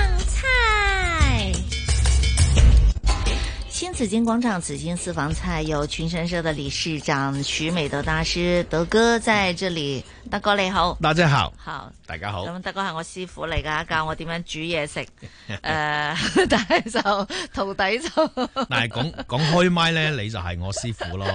新紫荊廣場紫荊私房菜有群山社的理事長徐美德大師德哥在這裏，德哥你好，大家好，好，大家好。咁德哥係我師傅嚟噶，教我點樣煮嘢食。誒、呃， 但係就徒弟就，但係講講開麥咧、 啊，你就係我師傅咯。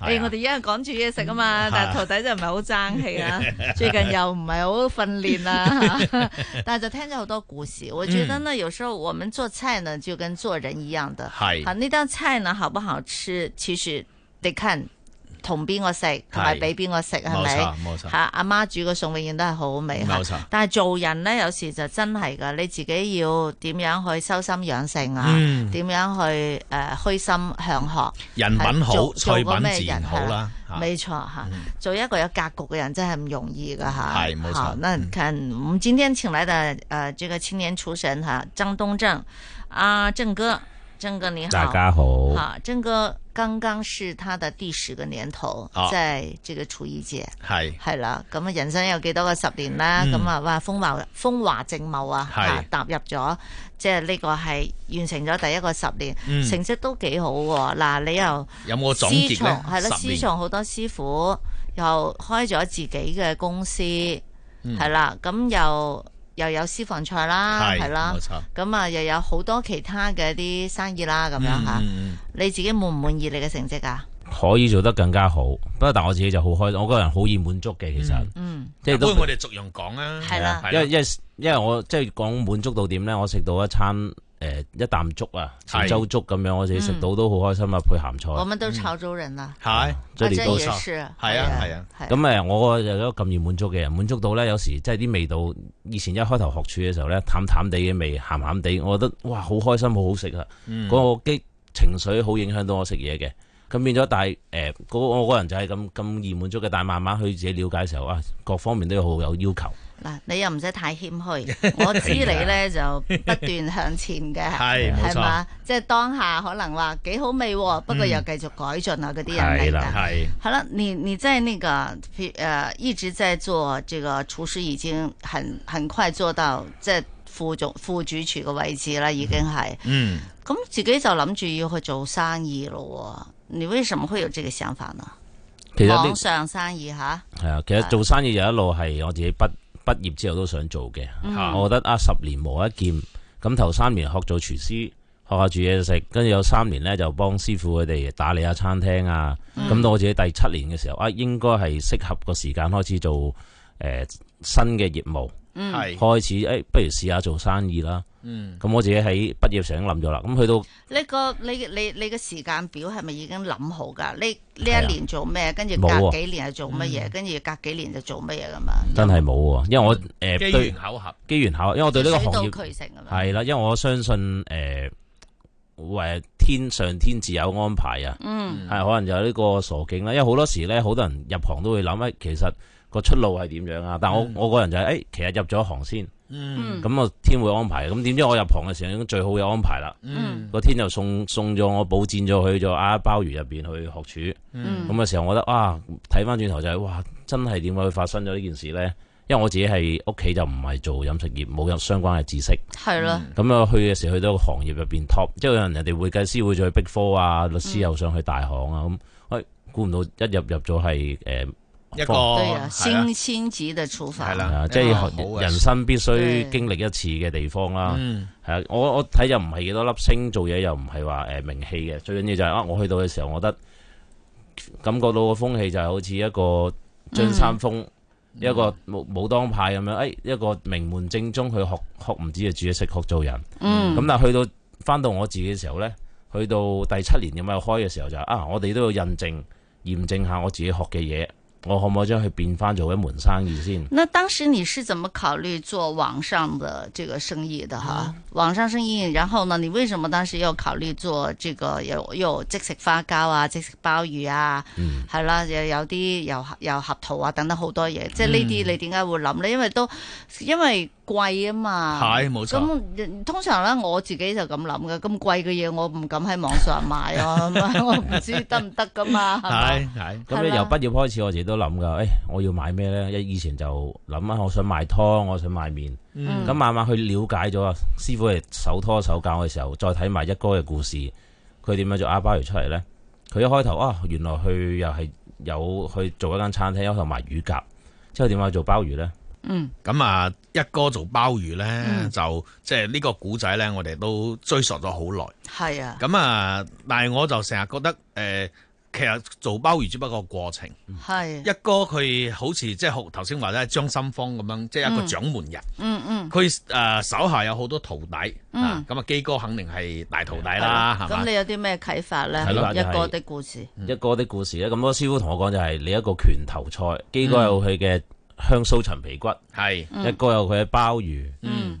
誒，我哋一樣講煮嘢食啊嘛，嗯、啊但係徒弟真係唔係好爭氣啊， 最近又唔係好訓練啊， 但係就聽咗好多故事。我覺得呢，有時候我們做菜呢，就跟做人一樣的。係 張菜呢好不好吃？其實你睇人同邊個食，同埋俾邊個食係咪？冇錯，吓，阿媽、啊、煮嘅餸永遠都係好味。冇錯。但係做人咧，有時就真係噶，你自己要點樣去修心養性啊？點、嗯、樣去誒虛、呃、心向學？人品好，做做人菜品自然好啦。冇錯吓，做一個有格局嘅人真係唔容易噶吓。係冇錯。那近我今天請來的誒、呃，這個青年廚神哈張東正，阿、啊、正哥。曾哥你好，大家好。啊，曾哥，剛剛是他的第十個年頭、啊，在這個廚藝界，係係啦。咁啊，人生有幾多個十年啦？咁、嗯、啊，哇，風華風華正茂啊，踏入咗，即係呢個係完成咗第一個十年，嗯、成績都幾好。嗱、啊，你又有冇總結咧？十年，係啦，師從好多師傅，又開咗自己嘅公司，係、嗯、啦，咁又。嗯嗯又有私房菜啦，係啦，冇錯。咁啊又有好多其他嘅啲生意啦，咁、嗯、樣吓，你自己滿唔滿意你嘅成績啊？可以做得更加好，不過但我自己就好開心，我個人好易滿足嘅、嗯，其實，即、嗯、係、就是、都不我哋逐樣講啊，係啦，因為因為因為我即係講滿足到點咧，我食到一餐。誒、呃，一啖粥啊，潮州粥咁樣，我自己食到都好開心啊，配鹹菜。我們都潮州人、嗯、係啊。係、啊，真係多謝，係啊係啊。咁誒，我就咁易滿足嘅人，滿足到咧，有時真係啲味道，以前一開頭學煮嘅時候咧，淡淡地嘅味，鹹鹹地，我覺得哇，好開心，好好食啊。嗰、那個激情緒好影響到我食嘢嘅，咁變咗，但係誒，我嗰人就係咁咁易滿足嘅，但係慢慢去自己了解嘅時候啊，各方面都要好，好有要求。嗱，你又唔使太謙虛，我知你咧 就不斷向前嘅。係冇錯，即、就、係、是、當下可能話幾好味，不過又繼續改進下嗰啲嘢嚟嘅。係、嗯、啦，係。好了，你你在那個誒、呃，一直在做這個廚師，已經很很快做到即係副主副主廚嘅位置啦，已經係。嗯。咁、嗯、自己就諗住要去做生意咯。你為什麼會有這個想法呢？其實網上生意吓係啊，其實做生意就一路係我自己不。.畢業之後都想做嘅，mm -hmm. 我覺得啊，十年磨一劍。咁頭三年學做廚師，學下煮嘢食，跟住有三年呢，就幫師傅佢哋打理下餐廳啊。咁、mm -hmm. 到我自己第七年嘅時候，啊應該係適合個時間開始做誒、呃、新嘅業務。嗯，開始誒、哎，不如試下做生意啦。嗯，咁我自己喺畢業時諗咗啦。咁去到呢個，你你你嘅時間表係咪已經諗好噶呢呢一年做咩，跟住，啊，隔幾年係做乜嘢，跟住，啊嗯，隔幾年就做乜嘢咁樣？真係冇啊，因為我誒機緣巧合，機緣巧合，因為我對呢個行業係啦，因為我相信誒，誒、呃，天上天自有安排啊。嗯，係可能有呢個傻勁啦。因為好多時咧，好多人入行都會諗一，其實。個出路係點樣啊？但我、嗯、我個人就係、是、誒、哎，其實入咗行先，咁、嗯、啊天會安排。咁點知我入行嘅時候已經最好有安排啦。個、嗯、天就送送咗我保薦咗去咗阿鮑魚入邊去學廚。咁、嗯、嘅時候我覺得啊，睇返轉頭就係、是、哇，真係點解會發生咗呢件事咧？因為我自己係屋企就唔係做飲食業，冇有相關嘅知識。係、嗯、咯。咁、嗯、啊去嘅時候去到行業入邊 top，、嗯、即係人人哋會計師會再 Big Four 啊，律師又想去大行啊。咁、嗯、喂，估、嗯、唔到一入入咗係誒。呃一個升、啊啊、星級嘅廚房係啦，即係、啊啊就是、人生必須經歷一次嘅地方啦。係、嗯、啊，我我睇又唔係幾多粒星做嘢，又唔係話誒名氣嘅。最緊要就係啊，我去到嘅時候，我覺得感覺到個風氣就係好似一個張三豐、嗯、一個武武當派咁樣，誒、哎、一個名門正宗去學學唔止係煮嘢食，學做人。咁、嗯嗯、但係去到翻到我自己嘅時候咧，去到第七年咁樣開嘅時候就啊，我哋都要印證驗證下我自己學嘅嘢。我可唔可以將佢變翻做一門生意先？那當時你是怎麼考慮做網上的這個生意的哈、嗯？網上生意，然後呢？你為什麼當時又考慮做這個有有即食花膠啊、即食鮑魚啊？嗯，係啦，又有啲又又合桃啊，等等好多嘢、嗯，即係呢啲你點解會諗呢？因為都因為。貴啊嘛，係冇錯。咁通常咧，我自己就咁諗嘅。咁貴嘅嘢，我唔敢喺網上買啊， 我唔知得唔得咁嘛。係 係。咁你由畢業開始，我自己都諗噶。誒、哎，我要買咩咧？一以前就諗啊，我想買湯，我想買麵。咁、嗯、慢慢去了解咗啊，師傅係手拖手教我嘅時候，再睇埋一哥嘅故事，佢點樣做阿鮑魚出嚟咧？佢一開頭啊，原來佢又係有去做一間餐廳，有賣埋乳鴿，之後點解做鮑魚咧？嗯，咁啊。一哥做鮑魚咧，就即係呢個古仔咧，我哋都追溯咗好耐。係啊，咁啊，但係我就成日覺得誒，其實做鮑魚只不過個過程。係一哥佢好似即係頭先話咧，張心芳咁樣，即係一個掌門人。嗯嗯，佢誒手下有好多徒弟。嗯，咁啊基哥肯定係大徒弟啦。咁你有啲咩啟發咧？一哥的故事，一哥的故事咧，咁我師傅同我講就係你一個拳頭菜，基哥有佢嘅。香酥陳皮骨係、嗯，一個有佢嘅鮑魚，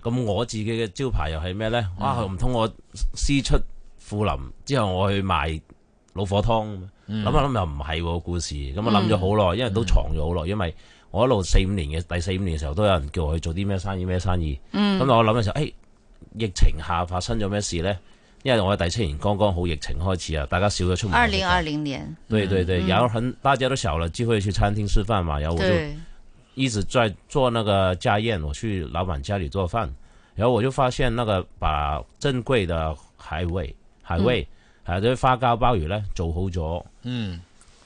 咁、嗯、我自己嘅招牌又係咩咧？哇，唔通我師出富臨之後我去賣老火湯？諗下諗又唔係、啊、故事，咁我諗咗好耐，因為都藏咗好耐，因為我一路四五年嘅第四五年嘅時候都有人叫我去做啲咩生意咩生意，咁、嗯、我諗嘅時候，誒、哎，疫情下發生咗咩事咧？因為我喺第七年剛剛好疫情開始啊，大家少咗出門。二零二零年，對對對，然、嗯、後很大家都少了機會去餐廳吃飯嘛，有。一直在做那個家宴，我去老闆家裏做飯，然後我就發現那個把珍貴的海味、海味，係嗰啲花膠鮑魚咧，做好咗，嗯，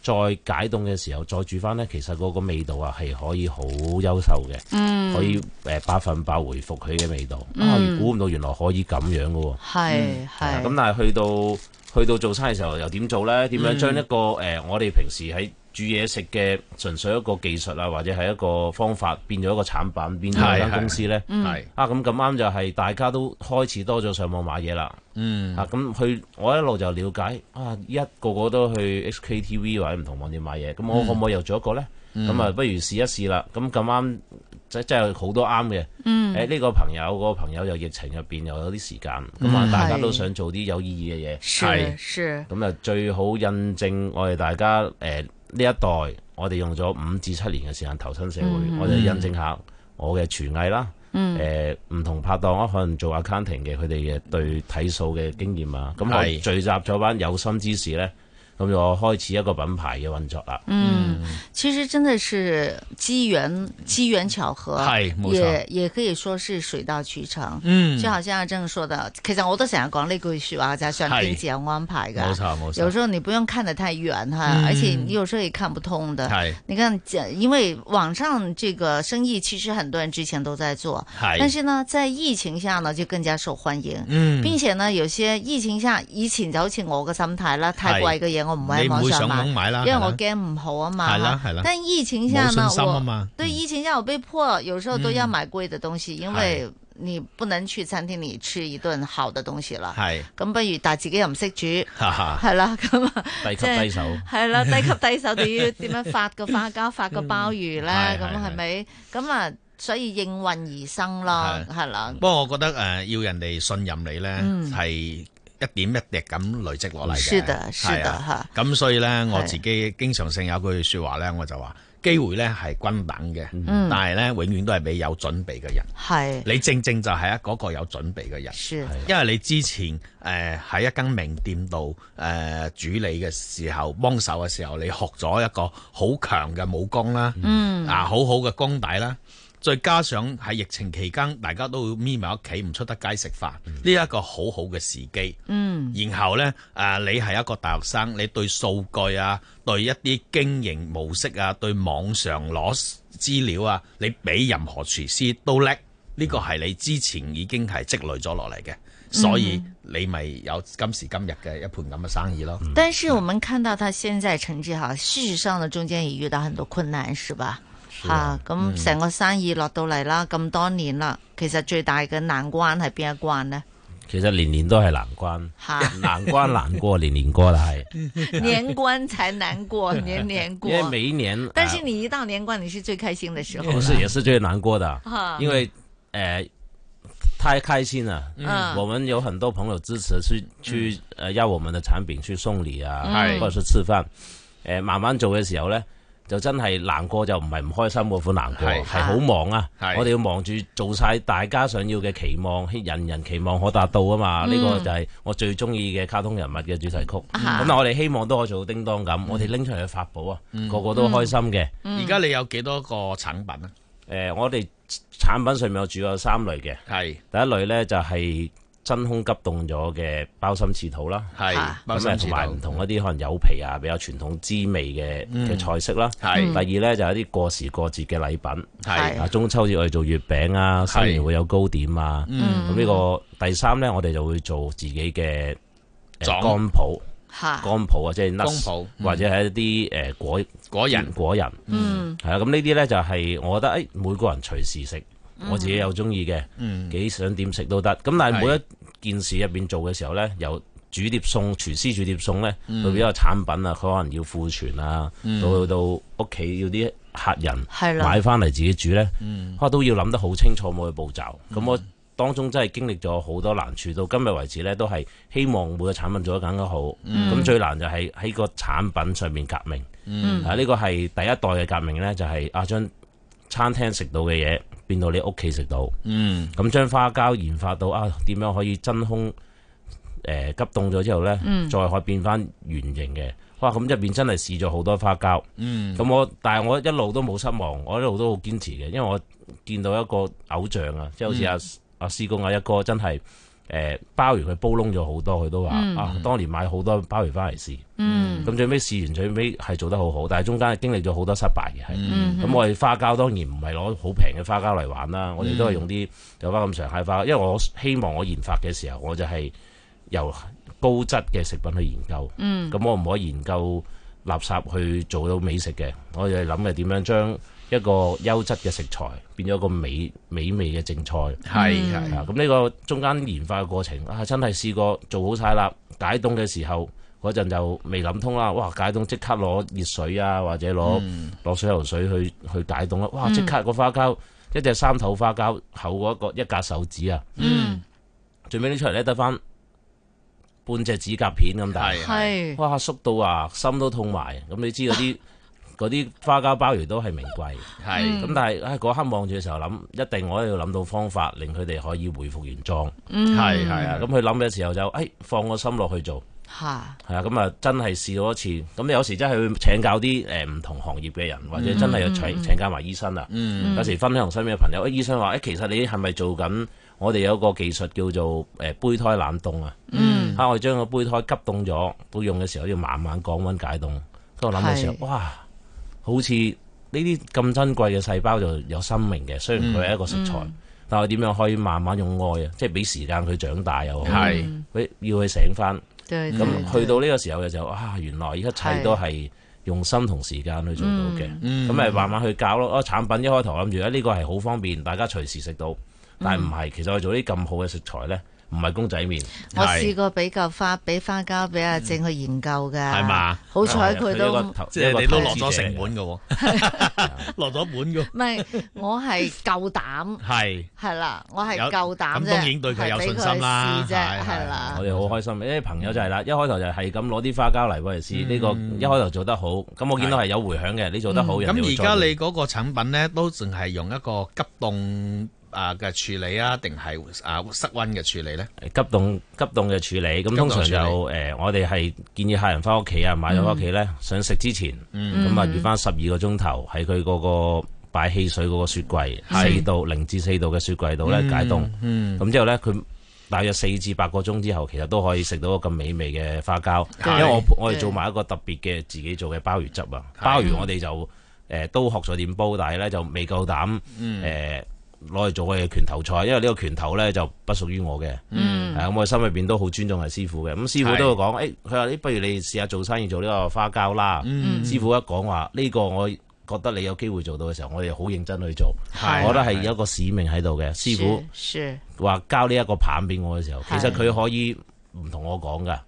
再解凍嘅時候再煮翻，呢，其實嗰個味道啊係可以好優秀嘅，嗯，可以誒百分百回復佢嘅味道，嗯、啊，估唔到原來可以咁樣噶、啊，係、嗯、係，咁、嗯嗯、但係去到去到做餐嘅時候又點做呢？點樣將一個誒、嗯呃、我哋平時喺。煮嘢食嘅，純粹一個技術啊，或者係一個方法變咗一個產品，變咗間公司呢。嗯、啊，咁咁啱就係大家都開始多咗上網買嘢啦。嗯咁佢、啊、我一路就了解啊，一個個都去 HKTV 或者唔同網店買嘢，咁我可唔可以又做一個呢？咁、嗯、啊，嗯、不如試一試啦。咁咁啱，即係好多啱嘅。嗯，呢、欸呢個朋友嗰、嗰個朋友又疫情入邊又有啲時間，咁、嗯啊、大家都想做啲有意義嘅嘢，係。咁啊，就最好印證我哋大家、呃呢一代，我哋用咗五至七年嘅時間投身社會，我哋印證下我嘅廚藝啦。誒、mm -hmm. 呃，唔同拍檔啊，可能做 accounting 嘅，佢哋嘅對睇數嘅經驗啊，咁我聚集咗班有心之士呢。咁又開始一個品牌嘅運作啦、嗯。嗯，其實真的是機緣機緣巧合，係冇錯也，也也可以說是水到渠成。嗯，就好像阿正說的，其實我都成日講呢句説話就係上天自有安排嘅。冇錯冇錯，有時候你不用看得太遠嚇，嗯、而且你有時候也看不通的。係，你看，因為網上這個生意，其實很多人之前都在做，係。但是呢，在疫情下呢，就更加受歡迎。嗯。並且呢，有些疫情下以前好似我嘅心態啦，太貴嘅嘢。你唔會上網買啦，因為我驚唔好啊嘛。係啦係啦。但係疫情下嘛，對疫情下我被迫有時候都要買貴嘅東西，因為你不能去餐廳裏吃一頓好嘅東西啦。係咁不如但係自己又唔識煮，係啦咁啊，低級低手，係啦，低級低手就要點樣發個花膠，發個鮑魚咧？咁係咪？咁啊，所以應運而生咯，係啦。不過我覺得誒、呃，要人哋信任你咧，係。一點一滴咁累積落嚟嘅，係啊，咁所以呢，我自己經常性有句說話呢，我就話機會呢係均等嘅，嗯，但係呢永遠都係俾有準備嘅人。係、嗯、你正正就係一嗰個有準備嘅人是，因為你之前誒喺、呃、一間名店度誒、呃、主理嘅時候，幫手嘅時候，你學咗一個好強嘅武功啦，嗯啊，呃、好好嘅功底啦。.再加上喺疫情期間，大家都咪埋屋企，唔出得街食飯，呢一個好好嘅時機。嗯，然後咧，誒、啊，你係一個大學生，你對數據啊，對一啲經營模式啊，對網上攞資料啊，你比任何廚師都叻。呢、嗯這個係你之前已經係積累咗落嚟嘅，所以你咪有今時今日嘅一盤咁嘅生意咯、嗯。但是我們看到他現在成績哈，事實上呢，中間也遇到很多困難，是吧？吓咁成個生意落到嚟啦，咁、嗯、多年啦，其實最大嘅難關係邊一關呢？其實年年都係難關，吓、啊、難關難過年年過啦，係 年關才難過 年年過。因為每一年，但是你一到年關，你是最開心的時候，不、啊、是也是最難過的，啊、因為誒、嗯呃、太開心了嗯，嗯，我們有很多朋友支持去，去去、呃、要我們的產品去送禮啊，嗯、或者是吃飯。誒、嗯呃，慢慢走的時候呢就真係難過，就唔係唔開心嗰款難過，係好、啊、忙啊！啊我哋要忙住做晒大家想要嘅期望，人人期望可達到啊嘛！呢、嗯這個就係我最中意嘅卡通人物嘅主題曲。咁、嗯、我哋希望都可以做到叮當咁、嗯，我哋拎出嚟去發佈啊、嗯，個個都開心嘅。而、嗯、家、嗯、你有幾多個產品咧？誒、呃，我哋產品上面有主要有三類嘅，第一類呢，就係、是。真空急凍咗嘅包心刺肚啦，係咁啊，同埋唔同一啲可能有皮啊，嗯、比較傳統滋味嘅嘅菜式啦。係、嗯、第二咧、嗯，就係一啲過時過節嘅禮品，係、嗯、中秋節我哋做月餅啊，新年會有糕點啊。咁、嗯、呢、嗯、這個第三咧，我哋就會做自己嘅乾普，吓乾普啊，即係乾普，或者係一啲誒、呃、果果仁果仁，果仁，嗯，係、嗯、啦。咁呢啲咧就係、是、我覺得誒、哎，每個人隨時食，我自己又中意嘅，幾、嗯、想點食都得。咁但係每一件事入面做嘅時候呢，由煮碟餸、廚師煮碟餸呢、嗯、到比較有產品啊，佢可能要庫存啊、嗯，到到屋企要啲客人買翻嚟自己煮呢，佢都要諗得好清楚每個步驟。咁、嗯、我當中真係經歷咗好多難處，到今日為止呢，都係希望每個產品做得更加好。咁、嗯、最難就係喺個產品上面革命。嗯、啊，呢、這個係第一代嘅革命呢，就係阿張。啊將餐廳食到嘅嘢變到你屋企食到，咁、嗯、將花膠研發到啊，點樣可以真空誒、呃、急凍咗之後呢、嗯？再可以變返圓形嘅？哇！咁入邊真係試咗好多花膠，咁、嗯、我但係我一路都冇失望，我一路都好堅持嘅，因為我見到一個偶像，就是、像啊，即係好似阿阿師公阿一哥真係。誒包完佢煲窿咗好多，佢都話、嗯、啊，當年買好多包完翻嚟試，咁、嗯、最尾試完最尾係做得好好，但係中間係經歷咗好多失敗嘅，係、嗯。咁我哋花膠當然唔係攞好平嘅花膠嚟玩啦、嗯，我哋都係用啲有翻咁常 h 花膠，因為我希望我研發嘅時候，我就係由高質嘅食品去研究，咁、嗯、我唔可以研究垃圾去做到美食嘅，我哋諗係點樣將，一個優質嘅食材變咗一個美美味嘅正菜，係係、嗯、啊！咁、這、呢個中間研發嘅過程啊，真係試過做好晒啦。解凍嘅時候嗰陣就未諗通啦，哇！解凍即刻攞熱水啊，或者攞攞、嗯、水喉水去去解凍啦，哇！即刻個花膠、嗯、一隻三頭花膠厚嗰個一格手指啊，嗯，最尾拎出嚟咧得翻半隻指甲片咁大，但係哇縮到啊，心都痛埋。咁你知嗰啲？啊嗰啲花膠鮑魚都係名貴，係，咁但係嗰刻望住嘅時候諗，一定我要諗到方法令佢哋可以回復原狀，係、嗯、係啊，咁佢諗嘅時候就誒、哎、放個心落去做，係係啊，咁啊真係試咗一次，咁有時候真係去請教啲誒唔同行業嘅人，或者真係要請請教埋醫生啊，嗯、有時候分享身邊嘅朋友，阿、嗯啊、醫生話誒、哎、其實你係咪做緊我哋有個技術叫做誒胚、呃、胎冷凍啊，嚇、嗯啊、我哋將個胚胎急凍咗，到用嘅時候要慢慢降溫解凍，咁我諗嘅時候哇！好似呢啲咁珍貴嘅細胞就有生命嘅，雖然佢係一個食材，嗯、但係點樣可以慢慢用愛，嗯、即係俾時間佢長大又係、嗯，要佢醒返。咁、嗯、去到呢個時候嘅時候，啊，原來依家一切都係用心同時間去做到嘅。咁、嗯、咪慢慢去教咯、啊。產品一開頭諗住咧，呢個係好方便，大家隨時食到，但係唔係。其實我做啲咁好嘅食材咧。唔係公仔麵，我試過俾嚿花，俾花膠俾阿正去研究噶，係嘛？好彩佢都即係你都落咗成本噶喎，落咗本噶。唔係，我係夠膽，係係啦，我係夠膽啫。咁當然對佢有信心啦，啫，係啦。我哋好開心，因為朋友就係啦，一開頭就係咁攞啲花膠嚟過嚟試，呢個一開頭做得好，咁我見到係有迴響嘅，你做得好，咁而家你嗰個產品咧都淨係用一個急凍。啊嘅處理啊，定係啊室溫嘅處理咧？急凍急凍嘅處理，咁通常就誒、呃，我哋係建議客人翻屋企啊，買咗翻屋企咧，想、嗯、食之前，咁啊預翻十二個鐘頭喺佢嗰個擺汽水嗰個雪櫃四度零至四度嘅雪櫃度咧解凍，咁、嗯、之後咧佢大約四至八個鐘之後，其實都可以食到個咁美味嘅花膠，因為我我哋做埋一個特別嘅自己做嘅鮑魚汁啊，鮑魚我哋就誒都、呃、學咗點煲，但係咧就未夠膽誒。嗯呃攞嚟做我嘅拳頭菜，因為呢個拳頭咧就不屬於我嘅，係、嗯、咁我心入邊都好尊重係師傅嘅。咁師傅都會講，誒，佢話你不如你試下做生意做呢個花膠啦、嗯。師傅一講話呢個，我覺得你有機會做到嘅時候，我哋好認真去做，是我覺得係有一個使命喺度嘅。師傅是話交呢一個棒俾我嘅時候，其實佢可以。唔同我講噶，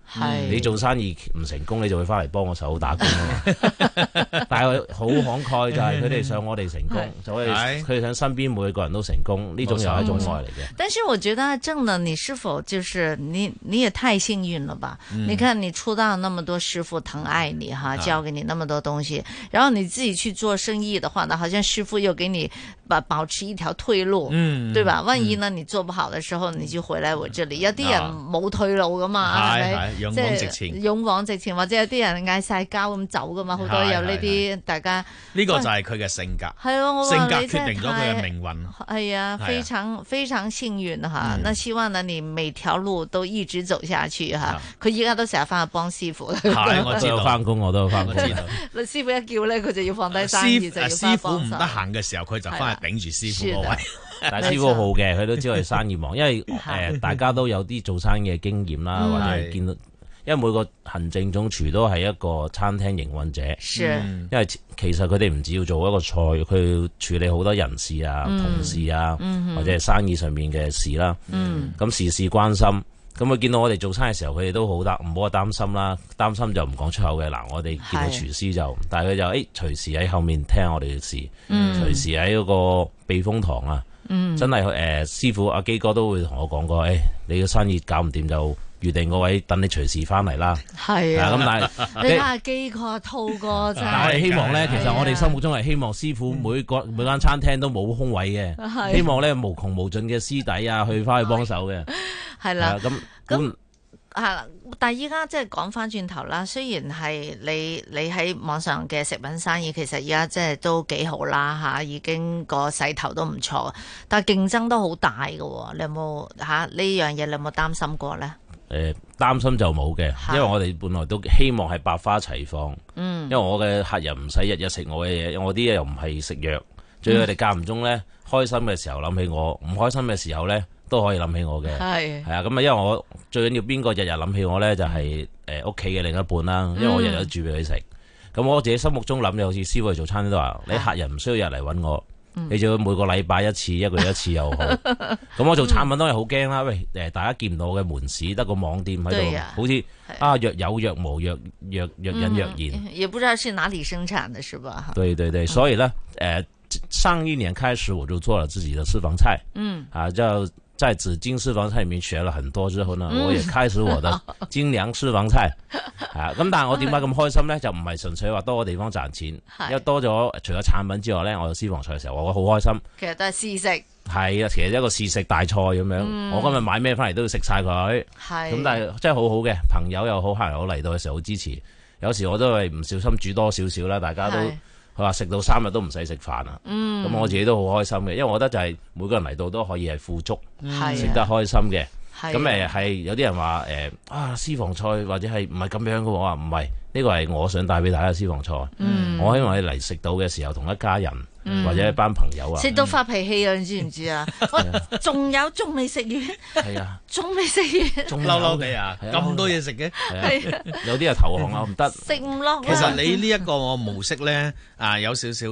你做生意唔成功，你就會翻嚟幫我手打工的 但係好慷慨就係佢哋想我哋成功，所 以佢哋想身邊每個人都成功，呢種又係一種愛嚟嘅、嗯。但是我覺得正呢，你是否就是你你也太幸運了吧、嗯？你看你出道那麼多師傅疼愛你哈，教給你那麼多東西、啊，然後你自己去做生意的話，呢好像師傅又給你把保持一條退路，嗯，對吧？萬一呢你做不好的時候，你就回來我這裏，有啲人冇退路。啊是是是就是，勇往直前，勇往直前，或者有啲人嗌晒交咁走噶嘛，好多人有呢啲大家。呢、呢個就係佢嘅性格，啊，性格決定咗佢嘅命運。係啊，非常非常幸運吓，那希望呢你每條路都一直走下去吓。佢依家都成日翻去幫師傅啦。我知道翻工 我都翻。 知道 師傅一叫咧，佢就要放低生意，就要翻幫曬，師傅唔得閒嘅時候，佢就翻去頂住師傅位。 大師傅好嘅，佢都知道我哋生意忙， 因為誒、呃、大家都有啲做生意嘅經驗啦， 或者見到，因為每個行政總廚都係一個餐廳營運者，因為其實佢哋唔止要做一個菜，佢要處理好多人事啊、嗯、同事啊，嗯、或者係生意上面嘅事啦。咁、嗯、事事關心，咁佢見到我哋做餐嘅時候，佢哋都好得，唔好話擔心啦，擔心就唔講出口嘅。嗱，我哋見到廚師就，但係佢就誒隨、哎、時喺後面聽，聽我哋嘅事，隨時喺嗰個避風塘啊。嗯、真係誒、欸、師傅阿基哥都會同我講過，誒、哎、你嘅生意搞唔掂就預定個位，等你隨時翻嚟啦。係啊，咁但係你話基哥、兔、啊、哥真係。但係希望咧，其實我哋心目中係希望師傅每個、嗯、每間餐廳都冇空位嘅、啊，希望咧無窮無盡嘅師弟啊去翻去幫手嘅。係啦、啊，咁咁係啦。啊但係依家即係講翻轉頭啦，雖然係你你喺網上嘅食品生意，其實依家即係都幾好啦吓，已經個勢頭都唔錯。但係競爭都好大㗎，你有冇吓呢樣嘢？啊，這個、你有冇擔心過呢？誒、呃，擔心就冇嘅，因為我哋本來都希望係百花齊放。嗯，因為我嘅客人唔使日日食我嘅嘢，我啲嘢又唔係食藥，最要佢哋間唔中呢？開心嘅時候諗起我，唔開心嘅時候呢。都可以諗起我嘅，係啊，咁啊，因為我最緊要邊個日日諗起我咧，就係誒屋企嘅另一半啦，啊。因為我日日都煮俾佢食。咁、嗯、我自己心目中諗就好似師傅去做餐都話，你客人唔需要日嚟揾我，嗯、你仲要每個禮拜一次，一個月一次又好。咁 我做產品都係好驚啦。喂，誒大家見唔到我嘅門市，得個網店喺度，好似啊，若有若無，若若若隱若現、嗯。也不知道是哪裏生產嘅，是吧？對對對，嗯、所以咧，誒、呃、上一年開始我就做了自己的私房菜，嗯，啊叫。在紫金私房菜裏面學咗很多之後呢，嗯、我亦開始我嘅金良私房菜啊！咁、嗯、 但係我點解咁開心呢？就唔係純粹話多個地方賺錢，因為多咗除咗產品之外呢，我私房菜嘅時候我會好開心。其實都係試食，係啊，其實一個試食大菜咁樣、嗯。我今日買咩翻嚟，都要食晒佢。咁，但係真係好好嘅，朋友又好，客人好嚟，到嘅時候好支持。有時候我都係唔小心煮多少少啦，大家都。佢話食到三日都唔使食飯啦，咁、嗯、我自己都好開心嘅，因為我覺得就係每個人嚟到都可以係富足，食、嗯、得開心嘅。咁係、啊、有啲人話誒啊，誒啊私房菜或者係唔係咁樣嘅，我話唔係。呢個係我想帶俾大家嘅私房菜、嗯，我希望你嚟食到嘅時候同一家人、嗯、或者一班朋友啊，食到發脾氣啊、嗯！你知唔知啊？仲 有仲未食完，係啊，仲未食完，仲嬲嬲哋啊！咁多嘢食嘅，有啲啊投降啊，唔得，食唔落。其實你呢一個模式呢，啊，有少少似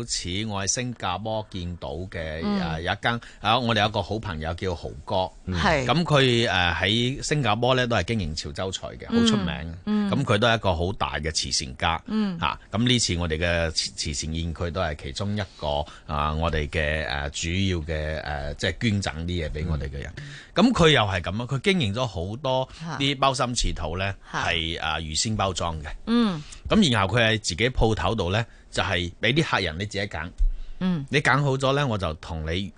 我喺新加坡見到嘅有一間啊、嗯，我哋有一個好朋友叫豪哥，咁佢誒喺新加坡呢，都係經營潮州菜嘅，好出名，咁佢、嗯嗯、都係一個好大嘅，慈善家，嗯，吓，咁呢次我哋嘅慈善宴，佢都係其中一個啊，我哋嘅誒主要嘅誒，即係捐贈啲嘢俾我哋嘅人。咁佢又係咁啊，佢經營咗好多啲包心磁土呢係啊預先包裝嘅，嗯。咁、嗯啊嗯、然後佢喺自己鋪頭度呢，就係俾啲客人你自己揀，嗯。你揀好咗呢，我就同你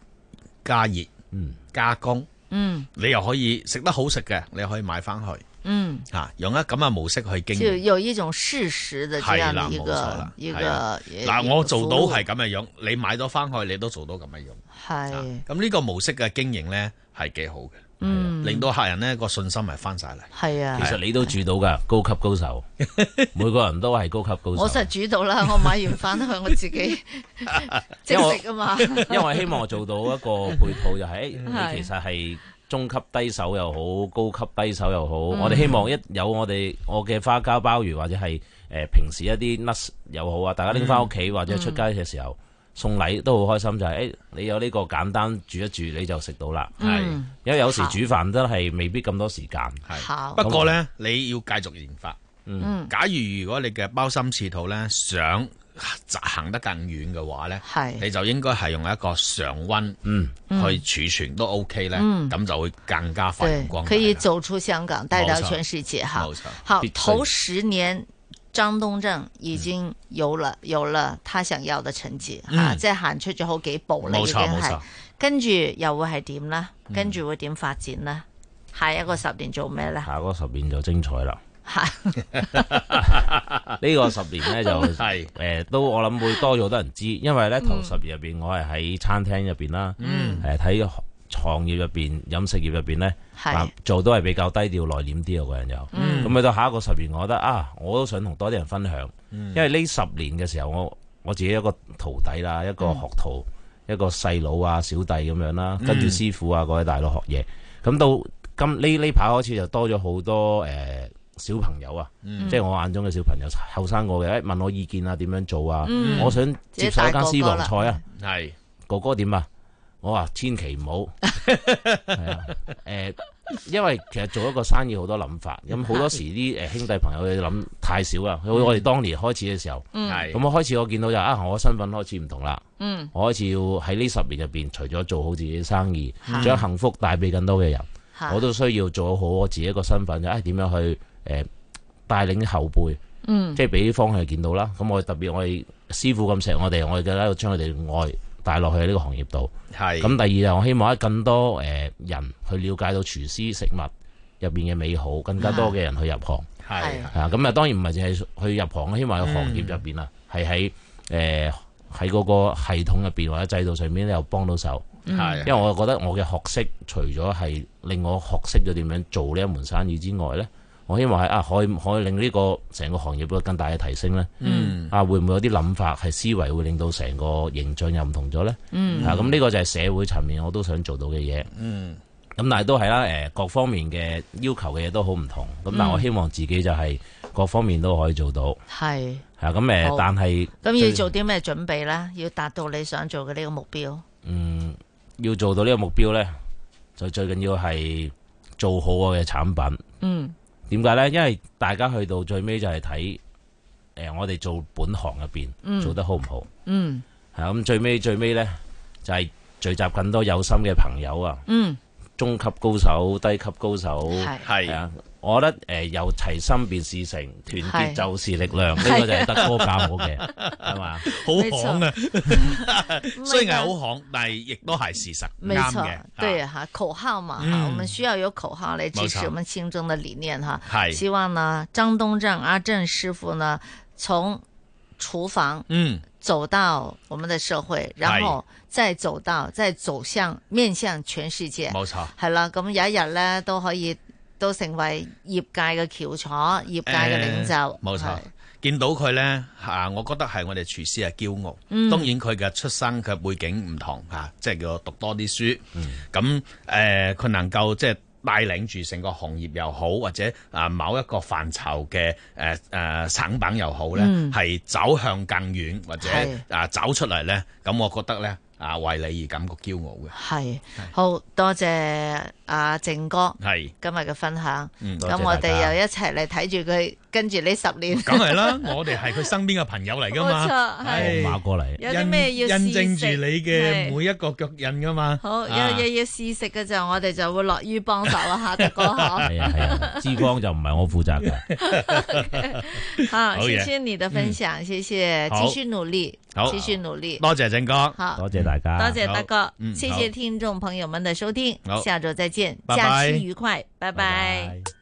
加熱，嗯，加工，嗯。你又可以食得好食嘅，你可以買翻去。嗯，吓用一咁嘅模式去經營，就有一種事實的係、嗯啊、啦，嗱我做到係咁嘅樣，你買咗翻去你都做到咁嘅樣，係咁呢個模式嘅經營咧係幾好嘅，嗯，令到客人呢個信心係翻晒嚟，係、嗯、啊，其實你都煮到噶、啊、高級高手，啊、每個人都係高級高手， 我實煮到啦，我買完翻去我自己即食啊嘛， 因為，我 因為希望我做到一個配套，就 係、哎、你其實係。中級低手又好，高級低手又好，嗯、我哋希望一有我哋我嘅花膠鮑魚或者係誒、呃、平時一啲 nuts 又好啊，大家拎翻屋企或者出街嘅時候、嗯、送禮都好開心，就係、是、誒、哎、你有呢個簡單煮一煮你就食到啦，係、嗯、因為有時煮飯都係未必咁多時間，係、嗯、不過呢，你要繼續研發，嗯，假如如果你嘅鮑參翅肚呢，想，行得更遠嘅話呢，你就應該係用一個常溫、嗯、去儲存都 OK 呢、嗯、咁就會更加發光。可以走出香港，帶到全世界吓、啊！冇錯！好，頭十年張東正已經有了、嗯、有了他想要嘅層次，吓、嗯，即係行出咗好幾步呢，已經係。跟住又會係點呢？跟住會點發展呢？下一個十年做咩呢？下個十年就精彩啦！呢 個十年呢，就係、呃、都我諗會多咗多人知，因為呢頭十年入邊，我係喺餐廳入邊啦，誒、嗯、喺、呃、行業入邊、飲食業入邊呢是、呃，做都係比較低調、內斂啲我個人又，咁、嗯、去到下一個十年，我覺得啊，我都想同多啲人分享，嗯、因為呢十年嘅時候，我我自己一個徒弟啦，一個學徒，嗯、一個細佬啊、小弟咁樣啦，跟住師傅啊嗰、嗯、位大佬學嘢，咁、嗯嗯、到今呢呢排開始就多咗好多誒。呃小朋友啊，嗯、即係我眼中嘅小朋友，後生個嘅，問我意見啊，點樣做啊、嗯？我想接受一間私房菜啊，係哥哥點啊？我話千祈唔好，係 啊，誒、欸，因為其實做一個生意好多諗法，咁、嗯、好、嗯、多時啲誒兄弟朋友嘅諗太少啊。我哋當年開始嘅時候，咁、嗯、我、嗯、開始我見到就啊，我身份開始唔同啦、嗯，我開始要喺呢十年入邊，除咗做好自己嘅生意，將、嗯、幸福帶俾更多嘅人、嗯，我都需要做好我自己一個身份就誒，點、啊、樣去。誒，帶領後輩，嗯，即係俾啲方向見到啦。咁我特別我哋師傅咁錫我哋，我哋就喺度將佢哋愛帶落去呢個行業度。係咁，第二就我希望喺更多誒、呃、人去了解到廚師食物入邊嘅美好，更加多嘅人去入行。係咁啊，當然唔係淨係去入行，希望喺行業入邊啊，係喺誒喺嗰個系統入邊或者制度上面咧又幫到手。係，因為我覺得我嘅學識除咗係令我學識咗點樣做呢一門生意之外咧。我希望係啊，可以可以令呢個成個行業有更大嘅提升咧。嗯，啊，會唔會有啲諗法係思維會令到成個形象又唔同咗咧，嗯。嗯，啊咁呢個就係社會層面我都想做到嘅嘢。嗯，咁但係都係啦，誒，各方面嘅要求嘅嘢都好唔同。咁但係我希望自己就係各方面都可以做到。係係咁誒，但係咁要做啲咩準備咧？要達到你想做嘅呢個目標？嗯，要做到呢個目標咧，就最緊要係做好我嘅產品。嗯。點解呢？因為大家去到最尾就係睇、呃、我哋做本行入邊、嗯、做得好唔好？嗯，係咁、啊、最尾最尾呢就係、是、聚集更多有心嘅朋友啊！嗯，中級高手、低級高手係啊。我覺得誒，有、呃、齊心便事成，團結就是力量。呢、這個就係德哥教我嘅，係嘛？好講啊， 好行啊 雖然係好講，但係亦都係事實，啱嘅。對啊，口號嘛、嗯，我們需要有口號嚟支持我們心中的理念嚇。係，希望呢張東正阿正師傅呢，從廚房嗯走到我們的社會，嗯、然後再走到再走向面向全世界。冇錯，係啦，咁有一日咧都可以。都成為業界嘅翹楚，業界嘅領袖。冇錯，見到佢呢吓，我覺得係我哋廚師嘅驕傲。當然佢嘅出生佢背景唔同吓，即係叫我讀多啲書。咁誒，佢能夠即係帶領住成個行業又好，或者啊某一個範疇嘅誒誒產品又好呢，係走向更遠，或者啊走出嚟呢，咁我覺得呢。啊，為你而感覺驕傲嘅，係好多謝阿靜哥，係今日嘅分享。咁、嗯、我哋又一齊嚟睇住佢。跟住呢十年，梗係啦！我哋係佢身邊嘅朋友嚟噶嘛，係馬過嚟，有啲咩要印證住你嘅每一個腳印噶嘛、啊。好，有有要試食嘅時候，我哋就會樂於幫手啦，德哥、啊啊 okay, 好，係啊係啊，志光就唔係我負責嘅。好，謝謝你嘅分享，嗯、謝謝，繼續努力，好，繼續努力，好多謝正哥，好，多謝大家，多謝德哥、嗯，謝謝聽眾朋友們嘅收聽，好，下周再見，拜拜，假期愉快，拜拜。拜拜